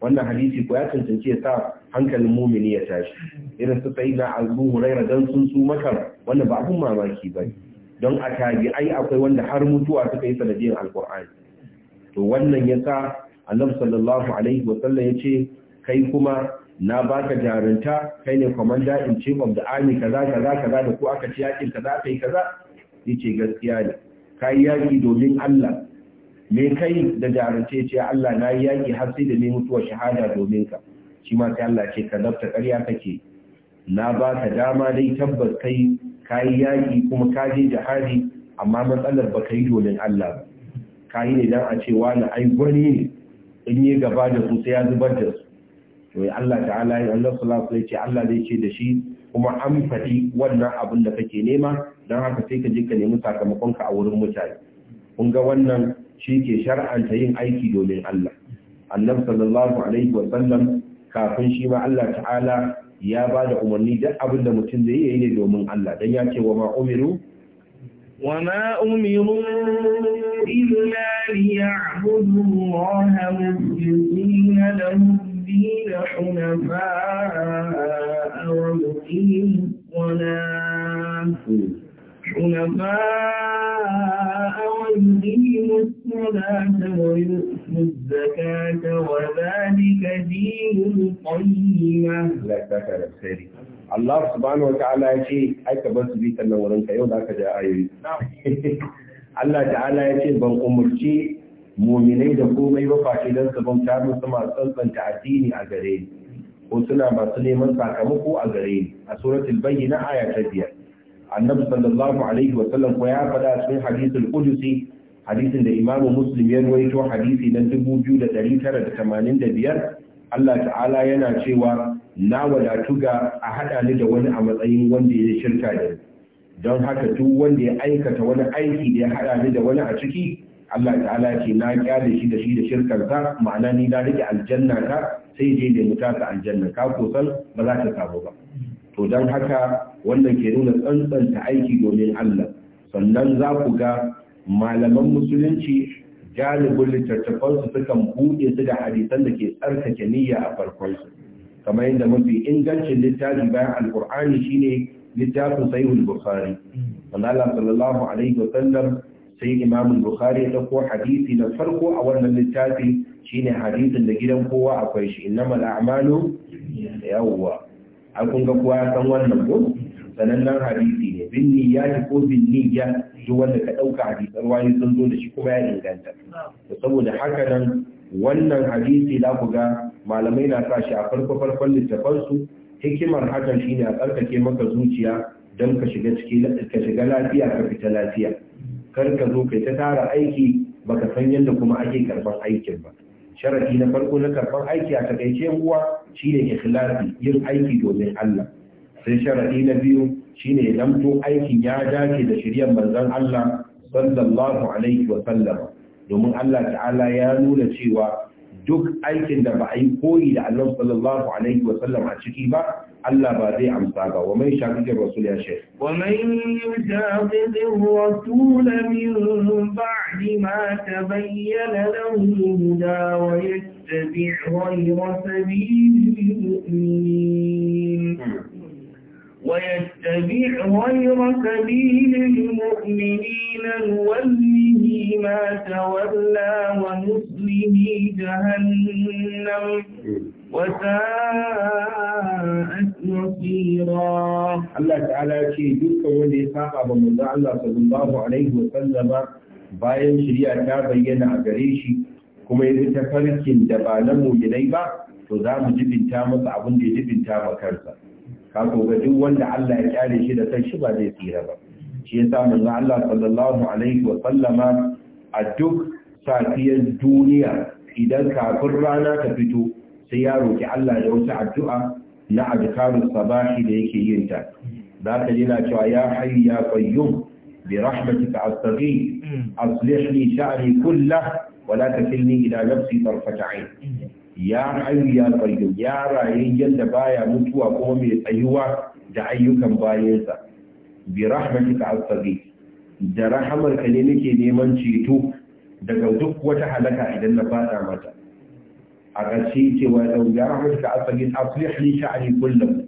wannan hadisi ko ya cancanci ya sa hankalin mumini ya tashi irin su sai na abu huraira dan sun su makar wannan ba abun mamaki ba don a ai akwai wanda har mutuwa suka yi sanadiyar alkur'ani to wannan ya sa annabi sallallahu alaihi wa ya ce kai kuma na baka jarunta kai ne commander in chief of the army kaza kaza kaza da ko aka ci yakin kaza kai kaza yace gaskiya ne kai yaki domin Allah me kai da jarumce ce Allah na yi yaƙi har sai da ne mutuwa shahada domin ka shi ma sai Allah ce ka zabta ƙarya kake na ba ka dama dai tabbas kai ka yi yaƙi kuma ka je jihadi amma matsalar ba ka yi domin Allah ba ka yi ne don a ce wani ai gwani ne in yi gaba da su sai ya zubar da su to Allah ta'ala ya Allah sallallahu alaihi ce Allah zai ce da shi kuma an faɗi wannan abin da kake nema don haka sai ka je ka nemi sakamakon ka a wurin mutane kun ga wannan shi ke shar'anta yin aiki domin Allah annabi sallallahu alaihi wa sallam kafin shi ma Allah ta'ala ya ba da umarni duk abin da mutum zai yi ne domin Allah dan ya ce wa ma umiru wa ma umiru illa liya'budu Allah mukhlishina حنفاء ويقيموا الصلاة ويؤتوا الزكاة وذلك دين القيمة wa ta'ala ya ce aika ban su Allah ta'ala ya ce ban umurci muminai da komai ba face don su bauta musu masu tsantsanta addini a gare ni ko suna masu neman sakamako a gare ni a suratul bayyina aya ta biyar annabi sallallahu alaihi wa sallam ko ya faɗa cikin hadisul qudusi hadisin da imamu muslim ya ruwaito hadisi na 2985 Allah ta'ala yana cewa na wadatu ga a haɗa ni da wani a matsayin wanda ya shirka da don haka duk wanda ya aikata wani aiki da ya haɗa ni da wani a ciki Allah ta'ala ce na kyale shi da shi da shirkarsa ma'ana ni na rike aljanna ta sai je da mutasa aljanna ka ko ba za ta samu ba to don haka wannan ke nuna tsantsanta aiki domin Allah sannan za ku ga malaman musulunci galibin littattafansu sukan buɗe su da hadisan da ke tsarkake niyya a farkonsu kamar yadda mafi ingancin littafi bayan alkur'ani shine littafin sahihul bukhari Allah sallallahu alaihi wa sallam sai imam bukhari ya ɗauko hadisi na farko a wannan littafi shine hadisin da gidan kowa akwai shi innamal a'malu yawwa an kun ga kowa ya san wannan ko sanannen hadisi ne bin niyya ko bin niyya duk wanda ka ɗauka hadisar wani sun zo da shi kuma ya inganta to saboda haka nan wannan hadisi za ku ga malamai na sa shi a farko farkon su hikimar hakan shine a tsarkake maka zuciya don ka shiga ciki ka shiga lafiya ka fita lafiya kar ka zo kai ta tara aiki baka san yadda kuma ake karban aikin ba sharadi na farko na karɓar aiki a takaice uwa shine ikhlasi yin aiki domin Allah sai sharadi na biyu shine ya zamto aikin ya dace da shiryan manzon Allah sallallahu alaihi wa sallama domin Allah ta'ala ya nuna cewa duk aikin da ba a yi koyi da Allah sallallahu alaihi wa a ciki ba Allah ba zai amsa ba wa mai shaƙiƙin rasul ya shai. Wa mai shaƙiƙin rasul min ba'di ma ta bayyana lahu huda wa yattabi' ghayra sabilil biyu. Hmm. ويتبع غير سبيل المؤمنين نوله ما تولى ونصله جهنم وساءت مصيرا الله تعالى شيء دوك ولي ساقا بمضاء الله صلى الله عليه وسلم bayan shirya ta bayyana a gare shi kuma ya ta farkin da ba na mujinai ba to za mu jibinta masa abin da ya jibinta ba kansa ka ga duk wanda Allah ya kyale shi da kanshi ba zai tsira ba shi yasa manzo Allah sallallahu alaihi wa sallama a duk safiyar duniya idan kafin rana ta fito sai ya roki Allah da wata addu'a na adkarus sabahi da yake yin ta za ka jina cewa ya hayyu ya qayyum bi rahmatika astaghi mm. aslih li sha'ni kullahu wa la takilni ila nafsi tarfata ya hayu ya qayyum ya rayayyen da baya mutuwa kuma mai tsayuwa da ayyukan bayansa bi rahmatika astaghi da rahamarka ne nake neman ceto daga duk wata halaka idan na fada mata a ƙarshe wa ɗau ya rahmatika astaghi aslih li sha'ani kullum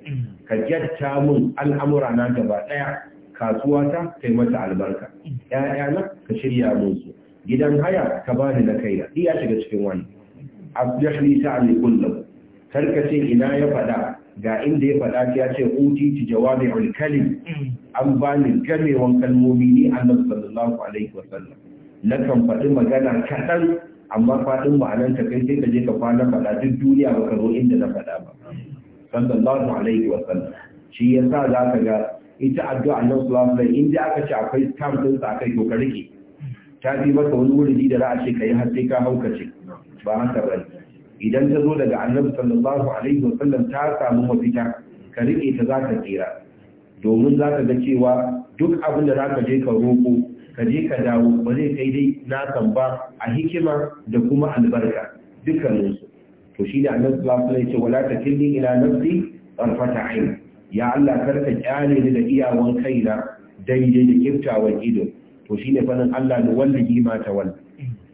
ka jatta mun al'amura na gaba ɗaya kasuwata kai mata albarka ‘ya'yana ka shirya mun su gidan haya ka bani na kaina iya shiga cikin wani abdah li kullum. lahu karka ce ina ya fada ga inda ya fada ya ce uti ti jawabi kalim an bani gamewan kalmomi ni annabi sallallahu alaihi wasallam na kan faɗi magana kaɗan amma faɗin ma'anar ta kai sai ka je ka kwana faɗa duk duniya ba ka zo inda na faɗa ba sallallahu alaihi wasallam shi ya sa za ka ga ita addu'a na sallallahu alaihi inda aka ce akwai stamp ɗin sa akai to ka rike ta bi maka wani wuri da za a ce ka yi har sai ka haukace ba haka ba idan ta zo daga annabi sallallahu alaihi wasallam ta samu mafita ka rike ta za ka tsira domin za ka ga cewa duk abin da za ka je ka roƙo ka je ka dawo ba zai kai dai na kan ba a hikima da kuma albarka dukkaninsu to shi da annabi sallallahu alaihi wasallam ya ce wala ila nafsi tarfata ayn ya Allah kar ka kyale ni da iyawan kaina daidai da kiftawan ido to shi shine nan Allah ne wallahi ma ta wallahi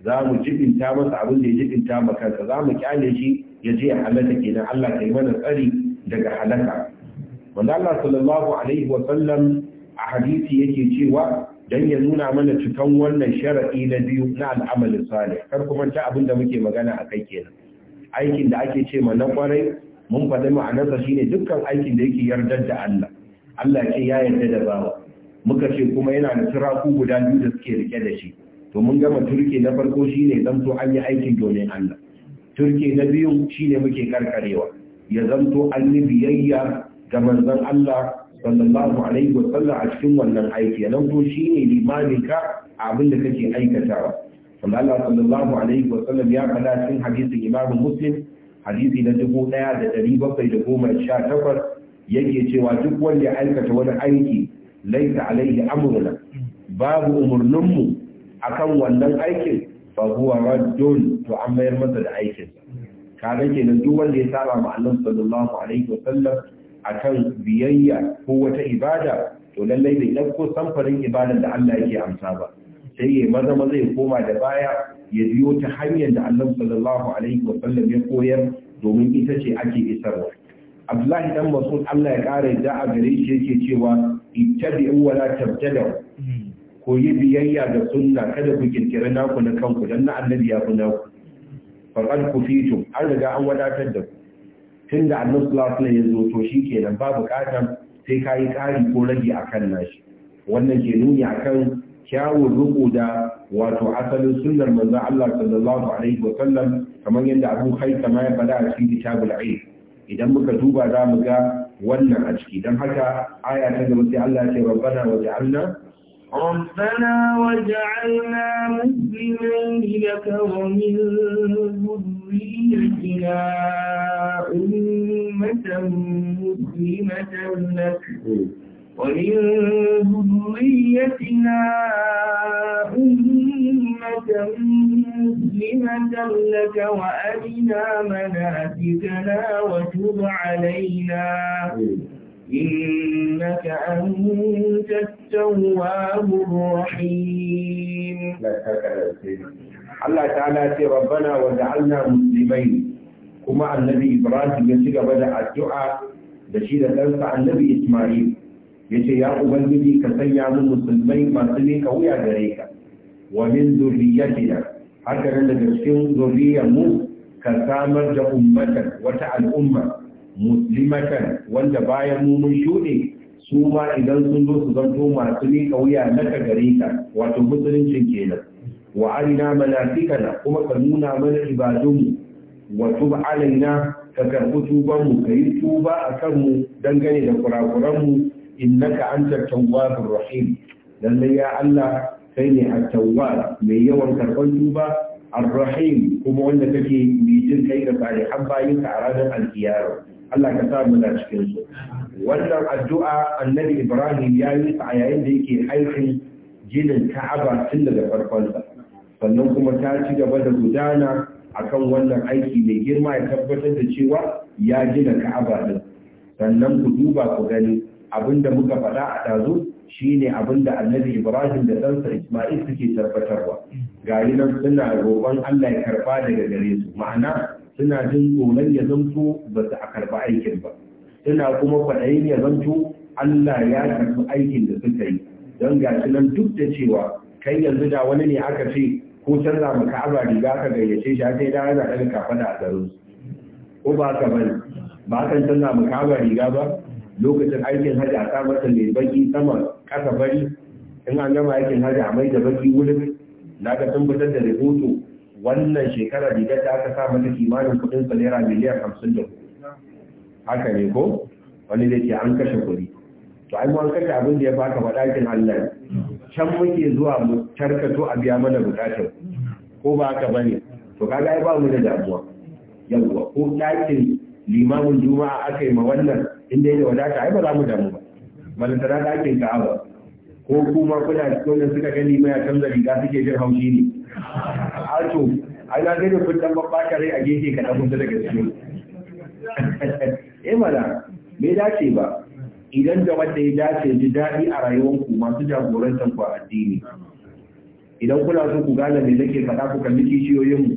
za mu jibinta masa abin da ya jibinta ma kansa za mu kyale shi ya je halaka kenan Allah kai mana tsari daga halaka wanda Allah sallallahu alaihi wa sallam a hadisi yake cewa dan ya nuna mana cikan wannan sharadi na biyu na al'amalin salih kar kuma ta abin da muke magana akai kenan aikin da ake ce ma na kwarai mun faɗi ma'anarsa shine dukkan aikin da yake yarda da Allah Allah ce ya yarda da bawa muka ce kuma yana da turaku guda biyu da suke rike da shi to mun gama turke na farko shine zamto an yi aikin domin Allah turke na biyu shine muke karkarewa ya zamto an yi biyayya ga manzon Allah sallallahu alaihi wa sallam a cikin wannan aiki ya zamto shine limaninka abinda da kake aikatawa wanda Allah sallallahu alaihi wa sallam ya faɗa cikin hadisin Imam Muslim hadisi na 1718 yake cewa duk wanda ya aikata wani aiki laita alaihi amruna babu umurninmu akan wannan aikin fa huwa raddun to an mayar masa da aikin kaga kenan duk wanda ya saba ma Allah sallallahu alaihi wasallam akan biyayya ko wata ibada to lallai bai dauko samfarin ibadan da Allah yake amsa ba sai ya maza maza ya koma da baya ya biyo ta hanyar da Allah sallallahu alaihi wasallam ya koyar domin ita ce ake isarwa Abdullahi dan Mas'ud Allah ya kare da a gare shi yake cewa ittabi'u wa la tabtadu ku yi biyayya da sunna kada ku kirkiri naku na kanku dan na annabi ya fi naku faqad kufitum an riga an wadatar da ku tunda annabi sallallahu alaihi wasallam ya zo to shikenan ba bukatan sai kayi kari ko rage akan nashi wannan ke nuni akan kyawun riko da wato asalin sunnar manzon Allah sallallahu alaihi wa kamar yadda Abu Haythama ya faɗa a cikin kitabul Aid idan muka duba za mu ga wannan a ciki dan haka aya ta gaba sai Allah ya ce rabbana waj'alna ربنا واجعلنا مسلمين لك ومن ذريتنا أمة مسلمة لك ومن ذريتنا أمة مسلمة لك وأرنا مناسكنا وتب علينا إنك أنت التواب الرحيم الله تعالى ربنا وجعلنا مسلمين كما النبي إبراهيم يسير بدأ الدعاء بشير تنفع النبي إسماعيل يتي يا أبنجي كسيا من مسلمين ما سليك ويا غريك ومن ذريتنا هكذا نجسين ذرية مو كسامر جأمة وتع الأمة muslimatan wanda bayan mu mun shuɗe su ma idan sun zo su zanto masu ne kauya na ka gare ka wato musuluncin kenan wa arina fikana kuma ka nuna mana ibadunmu wa tub alaina ka karɓi tubanmu ka yi tuba a kanmu dangane da kurakuranmu innaka anta tawwabur rahim lallai ya Allah kai ne at-tawwab mai yawan karɓar tuba ar-rahim kuma wanda kake mai jin kai da salihan bayinka a ranar alkiyara Allah ka sa mu da cikin su wannan addu'a annabi Ibrahim ya yi a yayin da yake aikin ginin Ka'aba tun daga farkon sa sannan kuma ta ci gaba da gudana akan wannan aiki mai girma ya tabbatar da cewa ya gina Ka'aba din sannan ku duba ku gani abinda muka faɗa a dazu shine abinda annabi Ibrahim da ɗansa Ismail suke tabbatarwa ga nan suna roƙon Allah ya karɓa daga gare su ma'ana suna jin tsoron ya zanto ba su a karɓi aikin ba suna kuma kwaɗayin ya zanto Allah ya karɓi aikin da suka yi don ga shi nan duk da cewa kai yanzu da wani ne aka ce ko canza maka aba riga ka gayyace shi aka yi da ana ɗaga kafa a garin ko ba ka bane ba kan canza maka aba riga ba lokacin aikin hajji a sa masa mai baki sama kasa bari in an gama aikin hajji a mai da baki wurin na ga sun da rahoto wannan shekara da ta aka sa mata kimanin kudin sa naira miliyan hamsin da haka ne ko wani da ce an kashe kuri. to ai mun kashe abin da ya faka ba ɗakin Allah can muke zuwa mu tarkato a biya mana bukatar ko ba haka bane to kaga ai ba mu da damuwa yawwa ko ɗakin limamin juma'a aka yi ma wannan inda yake wadata ai ba za mu damu ba balantana ɗakin ba. ko kuma kuna cikin suka gani mai a canza riga suke jin haushi ne ato ai na gani kudin dan babba rai a gefe ka dan da gaske eh mana bai dace ba idan da wanda ya dace ji daɗi a rayuwanku masu jagorantar ku a addini idan kuna so ku gane me nake faɗa ku kalli kishiyoyinmu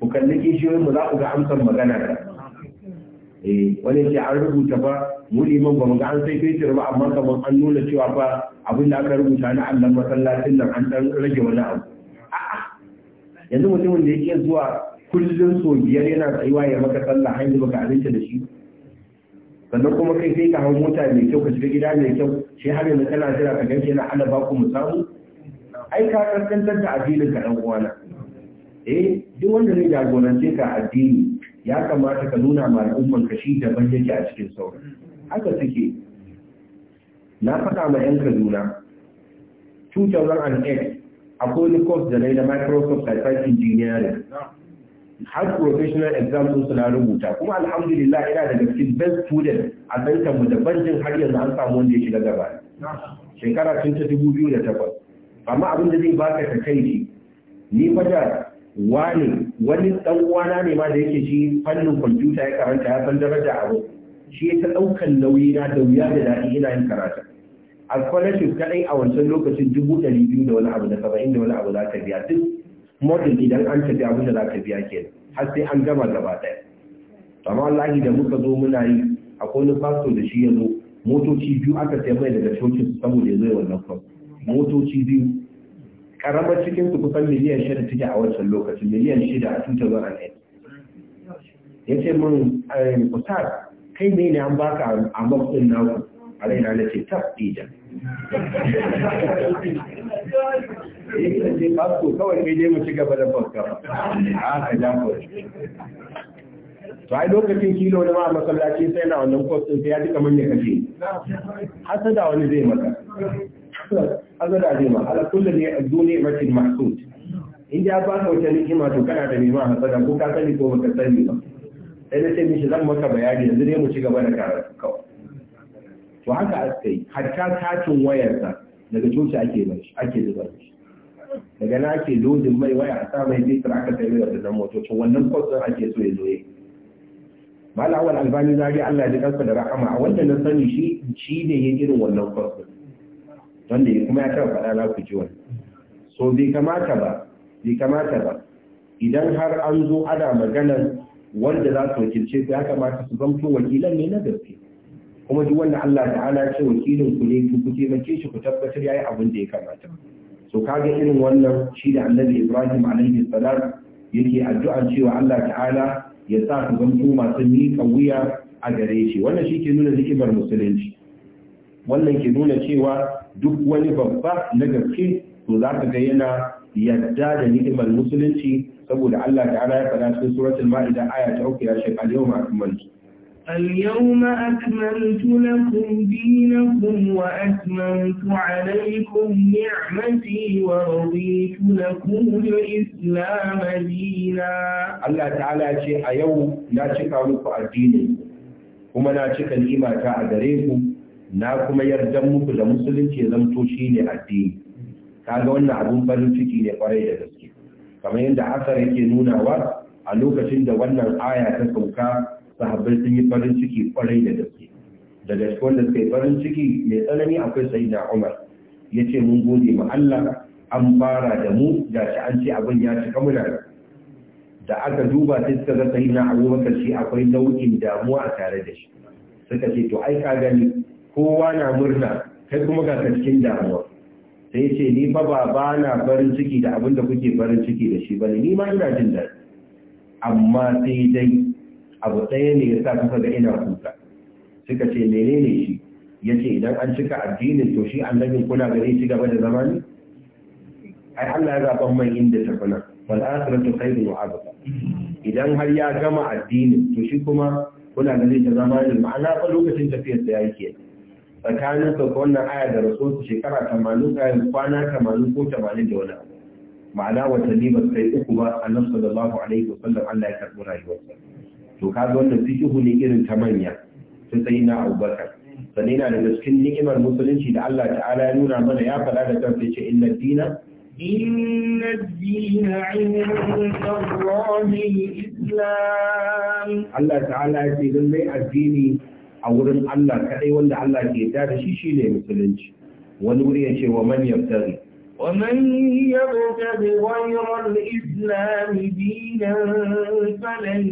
ku kalli kishiyoyinmu za ku ga amsar magana ta eh wani ce an rubuta ba mu liman ba mu ga an sai fetur ba amma kamar an nuna cewa fa abin da aka rubuta na Allah masallacin nan an ɗan rage wani abu yanzu mutumin da yake zuwa kullum so biyar yana tsayuwa ya maka sallah hanyar baka abinci da shi sannan kuma kai kai ka hau mota mai kyau ka shiga gida mai kyau shi har yanzu kana jira ka ganke na ana ba ku mu samu ai ka kankantar da addinin ka dan uwana eh duk wanda ne jagorance ka addini ya kamata ka nuna ma al'umman ka shi ban yake a cikin sauran haka suke na faɗa ma 'yan kaduna X. akwai wani course da na yi na microsoft typhoid engineering har professional exam sun suna rubuta kuma alhamdulillah ina da gaske best student a bankan mu da banjin har yanzu an samu wanda ya shiga gaba shekara tun ta dubu biyu da takwas amma abin da zai baka ta kai ne ni fata wani wani dan uwana ne ma da yake shi fannin kwamfuta ya karanta ya san daraja abu shi ya ta daukan nauyi na da wuya da daɗi ina yin karatu a scholarship kadai a wancan lokacin dubu ɗari biyu da wani abu da saba'in da wani abu za ka biya duk modin idan an tafi abin da za ka biya ke har sai an gama gaba ɗaya amma wallahi da muka zo muna yi akwai wani pastor da shi ya zo motoci biyu aka sai mai daga cocin saboda ya zo wannan kwan motoci biyu karamar cikin su kusan miliyan shida take a wancan lokacin miliyan shida a 2008 ya ce min kusa eh, kai ne ne an baka a mafin naku alaina na ce ta ija Fasko kawai mai mu ci gaba da fasko. A ka ja kawai. To ai lokacin kilo na ma a masallaci sai na wannan kwastin sai ya ji kamar ya kashe. Hasada wani zai maka. Hasada zai ma. Ala kullu ne a duniya mafi masu. In ya ba ka wata ni'ima to kana da neman hasada ko ka sani ko baka sani ba. Sai na ce mishi zan maka bayani yanzu ne mu ci gaba da karatu kawai. to haka aka yi hatta wayar wayarsa daga coci ake bashi ake zuba shi daga na ake lodin mai waya a sa mai fitar aka sai mai wata motocin wannan kwatsan ake so ya zo ya mala awal albani zari Allah ji kansa da rahama a wanda na sani shi shi ne ya irin wannan kwatsan wanda ya kuma ya taɓa faɗa na ku ji wannan so bai kamata ba bai kamata ba idan har an zo ana maganar wanda za su wakilce su ya kamata su zamto wakilan ne na gaske kuma duk wanda Allah ta'ala ce wakilin ku ne ku mace shi ku tabbatar yayi abin da ya kamata so kaga irin wannan shi da Annabi Ibrahim alaihi salam yake addu'a cewa Allah ta'ala ya sa ku zanto masu miƙa wuya a gare shi wannan shi ke nuna hikimar musulunci wannan ke nuna cewa duk wani babba na gaske to za ka ga yana yadda da ni'imar musulunci saboda Allah ta'ala ya faɗa cikin suratul ma'ida aya ta uku ya shekali yau ma'akamantu اليوم أكملت لكم دينكم وأتممت عليكم نعمتي ورضيت لكم الإسلام دينا الله تعالى شيء أيو لا شكاوك الدين kuma na cika nimata a gare ku na kuma yardan muku da musulunci ya zamto shi ne addini kaga wannan abun farin ciki ne kwarai da gaske kamar yadda asar yake nunawa a lokacin da wannan aya ta sauka sahabbai sun yi farin ciki kwarai da gaske daga cikin wanda suka yi farin ciki mai tsanani akwai sai na umar ya ce mun gode ma Allah an fara da mu da shi an ce abin ya cika muna da aka duba sai suka ga na abubakar shi akwai nau'in damuwa a tare da shi suka ce to aika gani kowa na murna kai kuma ga ka cikin damuwa sai ya ce ni fa ba ba na farin ciki da abin da kuke farin ciki da shi bane ni ma ina jin daɗi amma sai dai abu ɗaya ne ya sa kusa ga ina kuka suka ce menene shi ya ce idan an cika addinin to shi annabin kuna gare shi gaba da zamani ai Allah ya zaɓan mai inda ta kuna wal ta kai wa abu idan har ya gama addinin to shi kuma kuna gare ta zamani ma'ana fa lokacin tafiyar ya yi ke. tsakanin ka ko wannan aya da su shekara tamanin kayan kwana tamanin ko tamanin da wani abu ma'ana watanni ba kai uku ba annabi sallallahu alaihi wasallam Allah ya karɓi rayuwarsa to ka zo wannan fikihu ne irin ta manya sun sai na abubakar sannan yana da cikin ni'imar musulunci da Allah ta'ala ya nuna mana ya faɗa da kansa ya ce inna dina inna dina inda Allahi islam Allah ta'ala ya ce lallai addini a wurin Allah kaɗai wanda Allah ke da shi shine musulunci wani wuri ya ce wa man yabtaghi ومن يبتغ غير الإسلام دينا فلن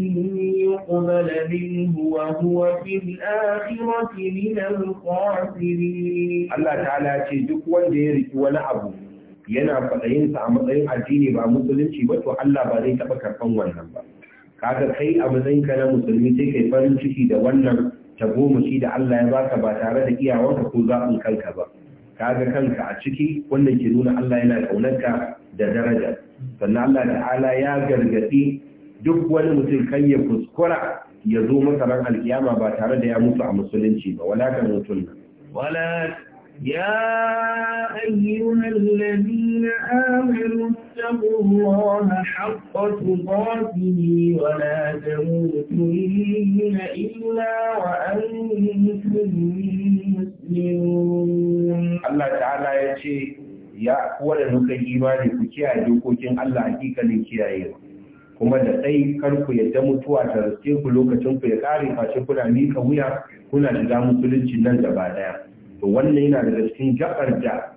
يقبل منه وهو في الآخرة من الخاسرين الله تعالى ce duk wanda ya riki wani abu yana faɗayin sa a matsayin addini ba a musulunci ba to Allah ba zai taɓa karɓan wannan ba Ka ga kai a matsayin na musulmi sai kai farin ciki da wannan tagomashi da Allah ya baka ba tare da iyawanka ko zaɓin kanka ba kaga kanka a ciki wannan ke nuna Allah yana kaunarka da daraja sannan Allah ta'ala ya gargadi duk wani mutum kan ya kuskura ya zo masa ran alkiyama ba tare da ya mutu a musulunci ba wala mutun mutum يا أيها الذين آمنوا اتقوا الله حق تقاته ولا تموتن إلا وأنتم مسلمون الله تعالى يشيء يا waɗanda suka imani ku kiyaye dokokin Allah hakikalin kiyayewa kuma da tsayi karku yadda mutuwa ta raske ku lokacin ku ya kare fashe kuna mika wuya kuna shiga musulunci nan gaba daya wannan yana daga cikin gabar da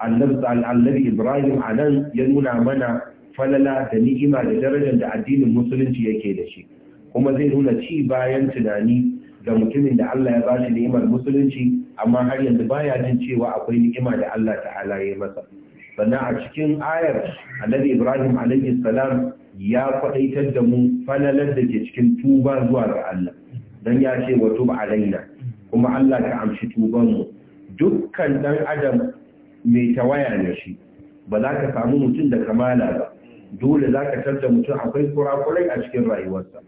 annabi Ibrahim a nan ya nuna mana falala da ni'ima da darajar da addinin musulunci yake da shi kuma zai nuna ci bayan tunani ga mutumin da Allah ya ba shi ni'imar musulunci amma har yanzu baya jin cewa akwai ni'ima da Allah ta'ala ya masa sannan a cikin ayar annabi Ibrahim alaihi salam ya faɗaitar da mu falalar da ke cikin tuba zuwa ga Allah dan ya ce wa tuba alaina kuma Allah ka amshi tuban mu dukkan dan adam mai tawaya ne shi ba za ka samu mutum da kamala ba dole za ka tarda mutum akwai kurakurai a cikin rayuwarsa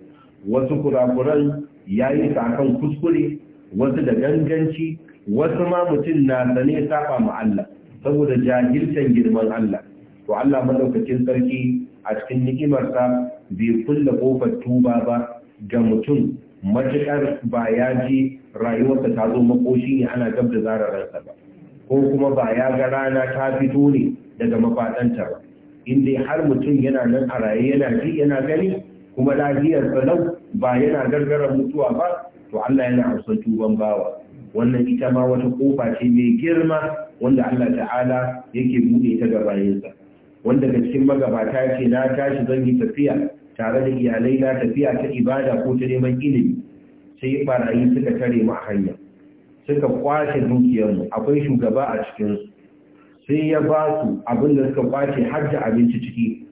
wasu kurakuran ya yi kan kuskure wasu da ganganci wasu ma mutum na sane saba ma Allah saboda jahilcan girman Allah to Allah madaukakin sarki a cikin ni'imarsa bai kulle kofar tuba ba ga mutum matuƙar ba ya ji rayuwarsa ta zo makoshi ne ana gab da zarar ransa ba ko kuma ba ya ga rana ta fito ne daga mafaɗanta ba Inda dai har mutum yana nan a raye yana ji yana gani kuma lafiyar lau ba yana gargara mutuwa ba to Allah yana hausar tuban bawa wannan ita ma wata kofa ce mai girma wanda Allah ta'ala yake buɗe ta ga bayansa wanda daga cikin magabata ce na tashi zan yi tafiya tare da iyalai na tafiya ta ibada ko ta neman ilimi sai barayi suka tare mu a hanya suka kwace dukiyarmu akwai shugaba a cikinsu sai ya ba su abin da suka kwace har da abinci ciki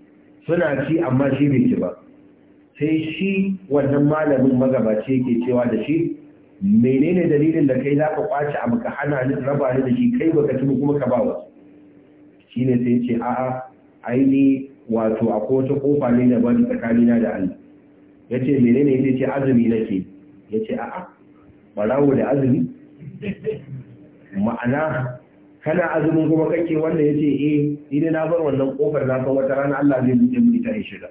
suna ci amma shi bai ci ba sai shi wannan malamin magabaci yake cewa da shi menene dalilin da kai zaka kwace abu ka hana ni raba ni da shi kai baka ci kuma ka ba wasu shine sai ce a'a ai ni wato a kowace kofa ne da bani tsakanina da Allah ya menene ya ce azumi nake ya ce a'a barawo da azumi ma'ana kana azumin kuma kake wanda ya ce eh idan na bar wannan kofar na san wata rana Allah zai buɗe mu ita in shiga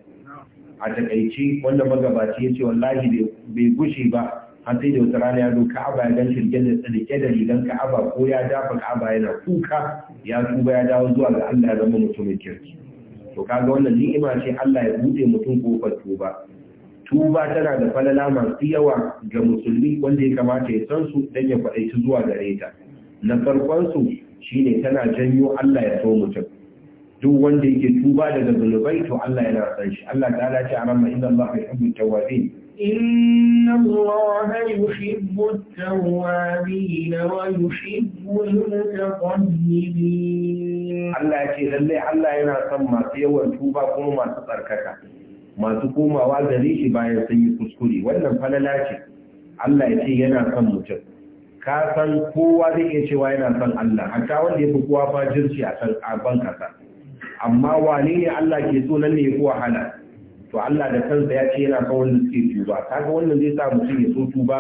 a takaici wanda magabaci ya ce wallahi bai gushi ba har sai da wata rana ya zo ka'aba ya gan shirgen da tsirke da rigan ka'aba ko ya dafa ka'aba yana kuka ya tuba ya dawo zuwa ga Allah ya zama mutumin kirki to kaga wannan ni'ima ce Allah ya bude mutum kofar tuba tuba tana da falala masu yawa ga musulmi wanda ya kamata ya san su dan ya faɗaici zuwa gare ta na farkon su shine tana janyo Allah ya so mutum duk wanda yake tuba daga zunubai to Allah yana san shi Allah ta'ala ce a ramma inna Allah yuhibbu tawwabin إن الله يحب التوابين ويحب المتطهرين Eh. Allah ya ce lallai Allah yana son masu yawan tuba kuma masu tsarkaka masu komawa gare shi bayan sun yi kuskure wannan falala ce Allah ya ce yana son mutum ka san kowa zai iya cewa yana son Allah hatta wanda ya fi kowa fajirci a san ban kasa amma wane ne Allah ke so nan ne ya fi wahala to Allah da kansa ya ce yana son wanda suke tuba kaga wannan zai sa mutum ya so tuba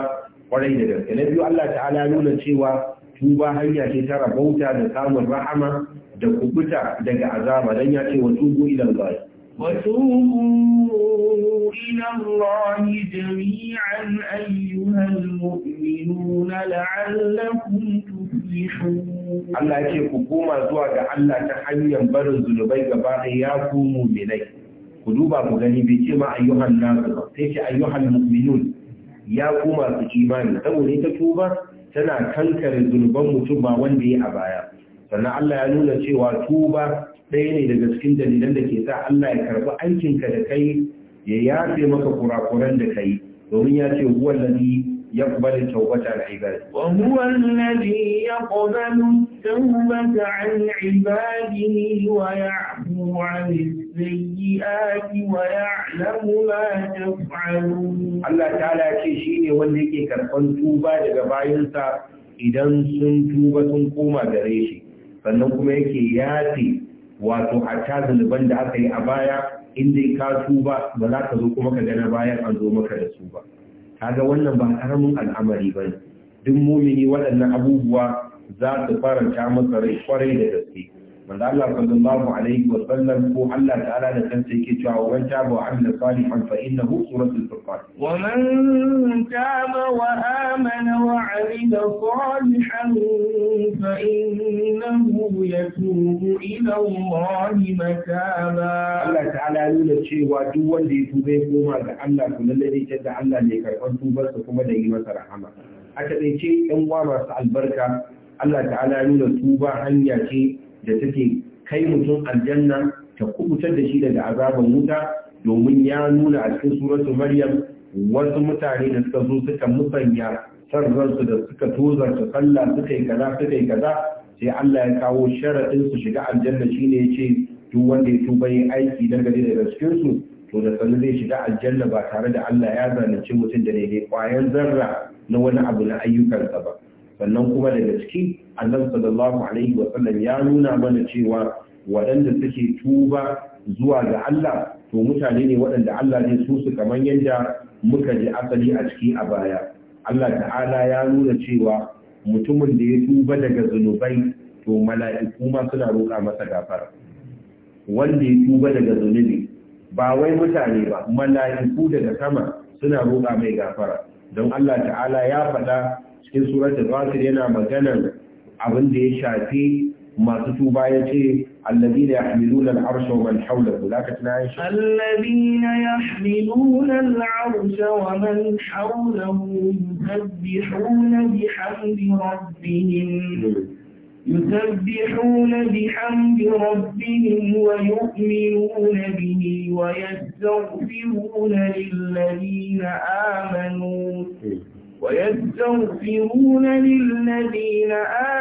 kwarai da gaske na biyu Allah ta'ala nuna cewa tuba hanya ce ta rabauta da samun rahama da kubuta daga azaba dan ya ce wa tubu ila Allah وتوبوا إلى الله جميعا أيها المؤمنون لعلكم تفلحون الله يقول كما زواج الله تحيي برز لبيك باقي gani بليك قلوبا ma بيتما أيها sai تيش أيها المؤمنون ya kuma su imani saboda ita tuba tana kankare zunuban mutum ba wanda ya a baya sannan Allah ya nuna cewa tuba ɗaya ne daga cikin dalilan da ke sa Allah ya karɓi aikinka da kai ya yafe maka kurakuran da kai domin ya ce huwa lalli ya kubali taubata da ibadi. Wa huwa lalli ya kubali taubata da ibadi wa ya abu wa ya lamu ma ta faru. Allah ta ala ce shi ne wanda yake karɓan tuba daga bayansa idan sun tuba sun koma gare shi. sannan kuma yake yafe wato a zunuban da aka yi a baya in dai ka tuba ba za ka zo kuma ka gana bayan an zo maka da su ba kaga wannan ba karamin al'amari ba duk mumini waɗannan abubuwa za su faranta masa rai kwarai da gaske wanda Allah sallallahu alaihi wa sallam ko Allah ta'ala da kansa yake cewa wa man taba wa amila salihan fa innahu suratul furqan wa man taba wa amana wa amila salihan fa innahu yatubu ila Allah makaba Allah ta'ala ya nuna cewa duk wanda ya tuba ya koma ga Allah to lallai ne da Allah ne karban tubarsa kuma da yi masa rahama a taƙaice 'yan uwa masu albarka Allah ta'ala ya nuna tuba hanya ce da take kai mutum aljanna ta kubutar da shi daga azabar wuta domin ya nuna a cikin suratu maryam wasu mutane da suka zo suka musanya sarrarsu da suka tozarta sallah suka yi kaza suka yi kaza sai Allah ya kawo sharaɗin su shiga aljanna shine ya ce duk wanda ya tuba yin aiki daga gari da cikin su to da sanin zai shiga aljanna ba tare da Allah ya zalunci mutum da ne kwayan zarra na wani abu na ayyukansa ba sannan kuma daga ciki annabi sallallahu alaihi wa sallam ya nuna mana cewa waɗanda suke tuba zuwa ga Allah to mutane ne waɗanda Allah zai su su kamar yadda muka ji asali a ciki a baya Allah ta'ala ya nuna cewa mutumin da ya tuba daga zunubai to mala'iku ma suna roƙa masa gafara wanda ya tuba daga zunubi ba wai mutane ba mala'iku daga sama suna roƙa mai gafara don Allah ta'ala ya faɗa cikin suratul ghafir yana magana abin da ya shafi masu tuba ya ce الذين يحملون العرش ومن حوله لك تنعيش الذين يحملون العرش ومن حوله يسبحون بحمد ربهم يسبحون بحمد ربهم ويؤمنون به ويستغفرون للذين آمنوا ويستغفرون للذين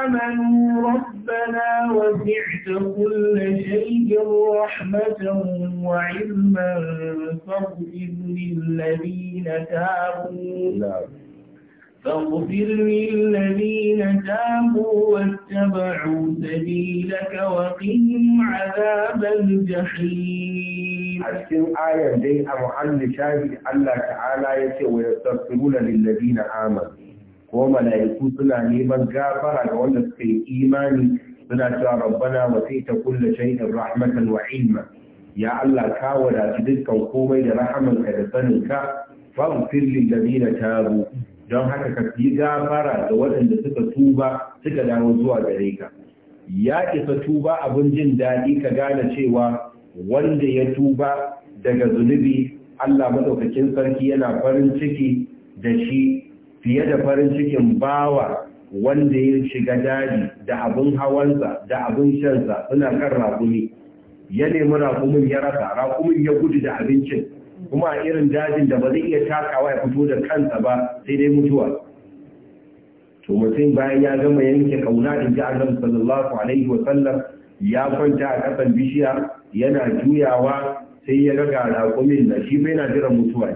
آمنوا ربنا وسعت كل شيء رحمة وعلما فاغفر للذين تابوا نعم. فاغفر للذين تابوا واتبعوا سبيلك وقهم عذاب الجحيم أسكن آية دي أمحل شاهد الله تعالى يتي ويستغفرون للذين آمنوا وما لا يكون سنة نيمان غافرة وانا سكي إيماني سنة ربنا وسيت كل شيء رحمة وعلما يا الله كاولا تدكا وقومي لرحمك لسنك فاغفر للذين تابوا don haka ka fi gafara da waɗanda suka tuba suka dawo zuwa gare ka ya isa tuba abin jin daɗi ka gane cewa wanda ya tuba daga zunubi Allah maɗaukakin sarki yana farin ciki da shi fiye da farin cikin bawa wanda ya shiga daji da abin hawansa da abin shansa suna kan raƙumi. ya nemi raƙumin ya rasa rakumin ya gudu da abincin kuma a irin dajin da ba zai iya takawa ya fito da kansa ba sai dai mutuwa to mutum bayan ya gama yanke kauna in ji annabi sallallahu alaihi wa sallam ya kwanta a kasan bishiya yana juyawa sai ya ga gara da shi bai na jira mutuwa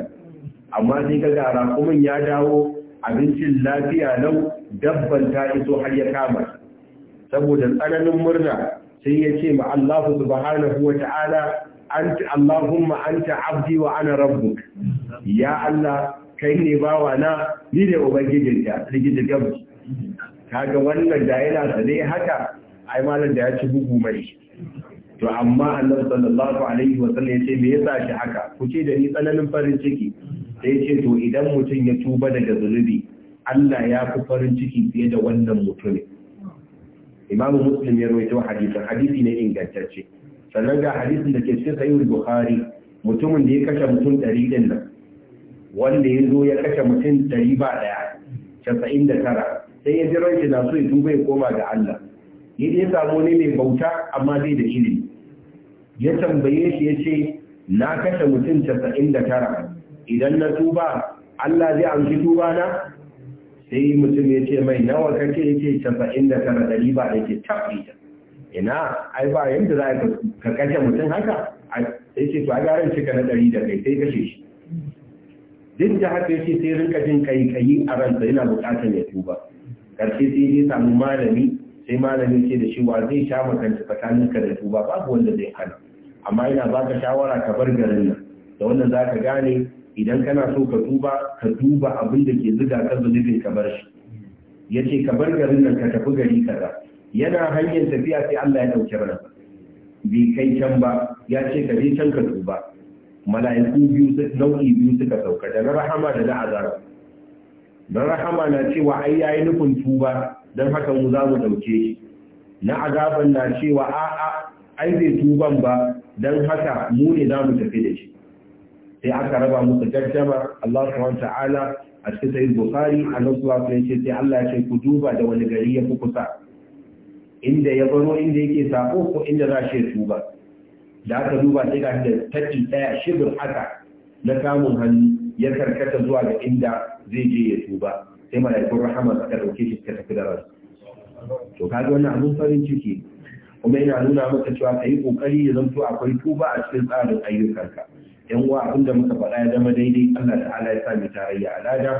amma sai ga rakumin ya dawo abincin lafiya lau dabban ta iso har ya kama saboda tsananin murna sai ya ce ma Allah subhanahu wa ta'ala anta Allahumma anta abdi wa ana rabbuk ya Allah kai ne bawa na ni ne ubangijinka rigidin gabu kaga wannan da yana dai haka ai malam da ya ci bugu mai to amma Allah sallallahu alaihi wa sallam yace me yasa shi haka kuce da ni tsananin farin ciki sai yace to idan mutum ya tuba daga zunubi Allah ya fi farin ciki fiye da wannan mutumin imamu Muslim ya rawaito hadisin hadisi ne ingantacce sannan ga hadisin da ke cikin sahihul bukhari mutumin da ya kashe mutum ɗari din nan wanda ya zo ya kashe mutum ɗari ba ɗaya casa'in da tara sai ya ji ranshi na so ya tuba ya koma ga Allah ya je samu ne mai bauta amma zai da ilimi ya tambaye shi ya ce na kashe mutum casa'in da tara idan na tuba Allah zai amshi tuba na sai mutum ya ce mai nawa kake ya ce casa'in da tara ɗari ba da ke taɓa ina ai ba yanda za ka kashe mutum haka sai ce to a garin cika na ɗari da kai sai kashe shi duk da haka yake sai rinka jin kai a ransa yana bukatar ya tuba karshe sai ya samu malami sai malami ce da shi wa zai sha makanta ka da tuba babu wanda zai hana amma ina baka shawara ka bar garin nan da wannan zaka gane idan kana so ka tuba ka duba abin da ke zuga ka zubin ka bar shi yace ka bar garin nan ka tafi gari kaza yana hanyar tafiya sai Allah ya dauke mana bi kai can ba ya ce ka je can ka tuba mala'iku biyu su, nau'i biyu suka sauka da rahama da na da rahama na cewa ai yayi nufin tuba dan haka mu za mu dauke shi na azaban na cewa a a ai bai tuban ba dan haka mu ne za mu tafi da shi sai aka raba musu tarjama Allah subhanahu ta'ala a cikin sahih bukhari annabi sallallahu alaihi wasallam sai Allah ya ce ku duba da wani gari ya fi kusa inda ya baro inda yake sako ko inda za shi tuba da aka duba sai ga da taki daya shibir haka na samun hannu ya karkata zuwa ga inda zai je ya tuba sai mala'ikun rahama ta dauke shi suka tafi da ransu to kaga wannan abun farin ciki kuma ina nuna maka cewa kai kokari ya zanto akwai tuba a cikin tsarin ayyukanka yan uwa abin da muka faɗa ya zama daidai Allah ta'ala ya sa mu tarayya alada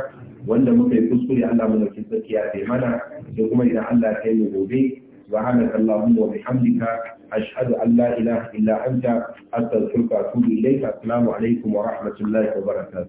wanda muka yi kuskure Allah mu dauki tsakiya sai mana sai kuma idan Allah ya kai mu gobe subhanaka allahumma wa bihamdika ashhadu an la ilaha illa anta astaghfiruka wa atubu ilayka assalamu alaikum wa rahmatullahi wa barakatuh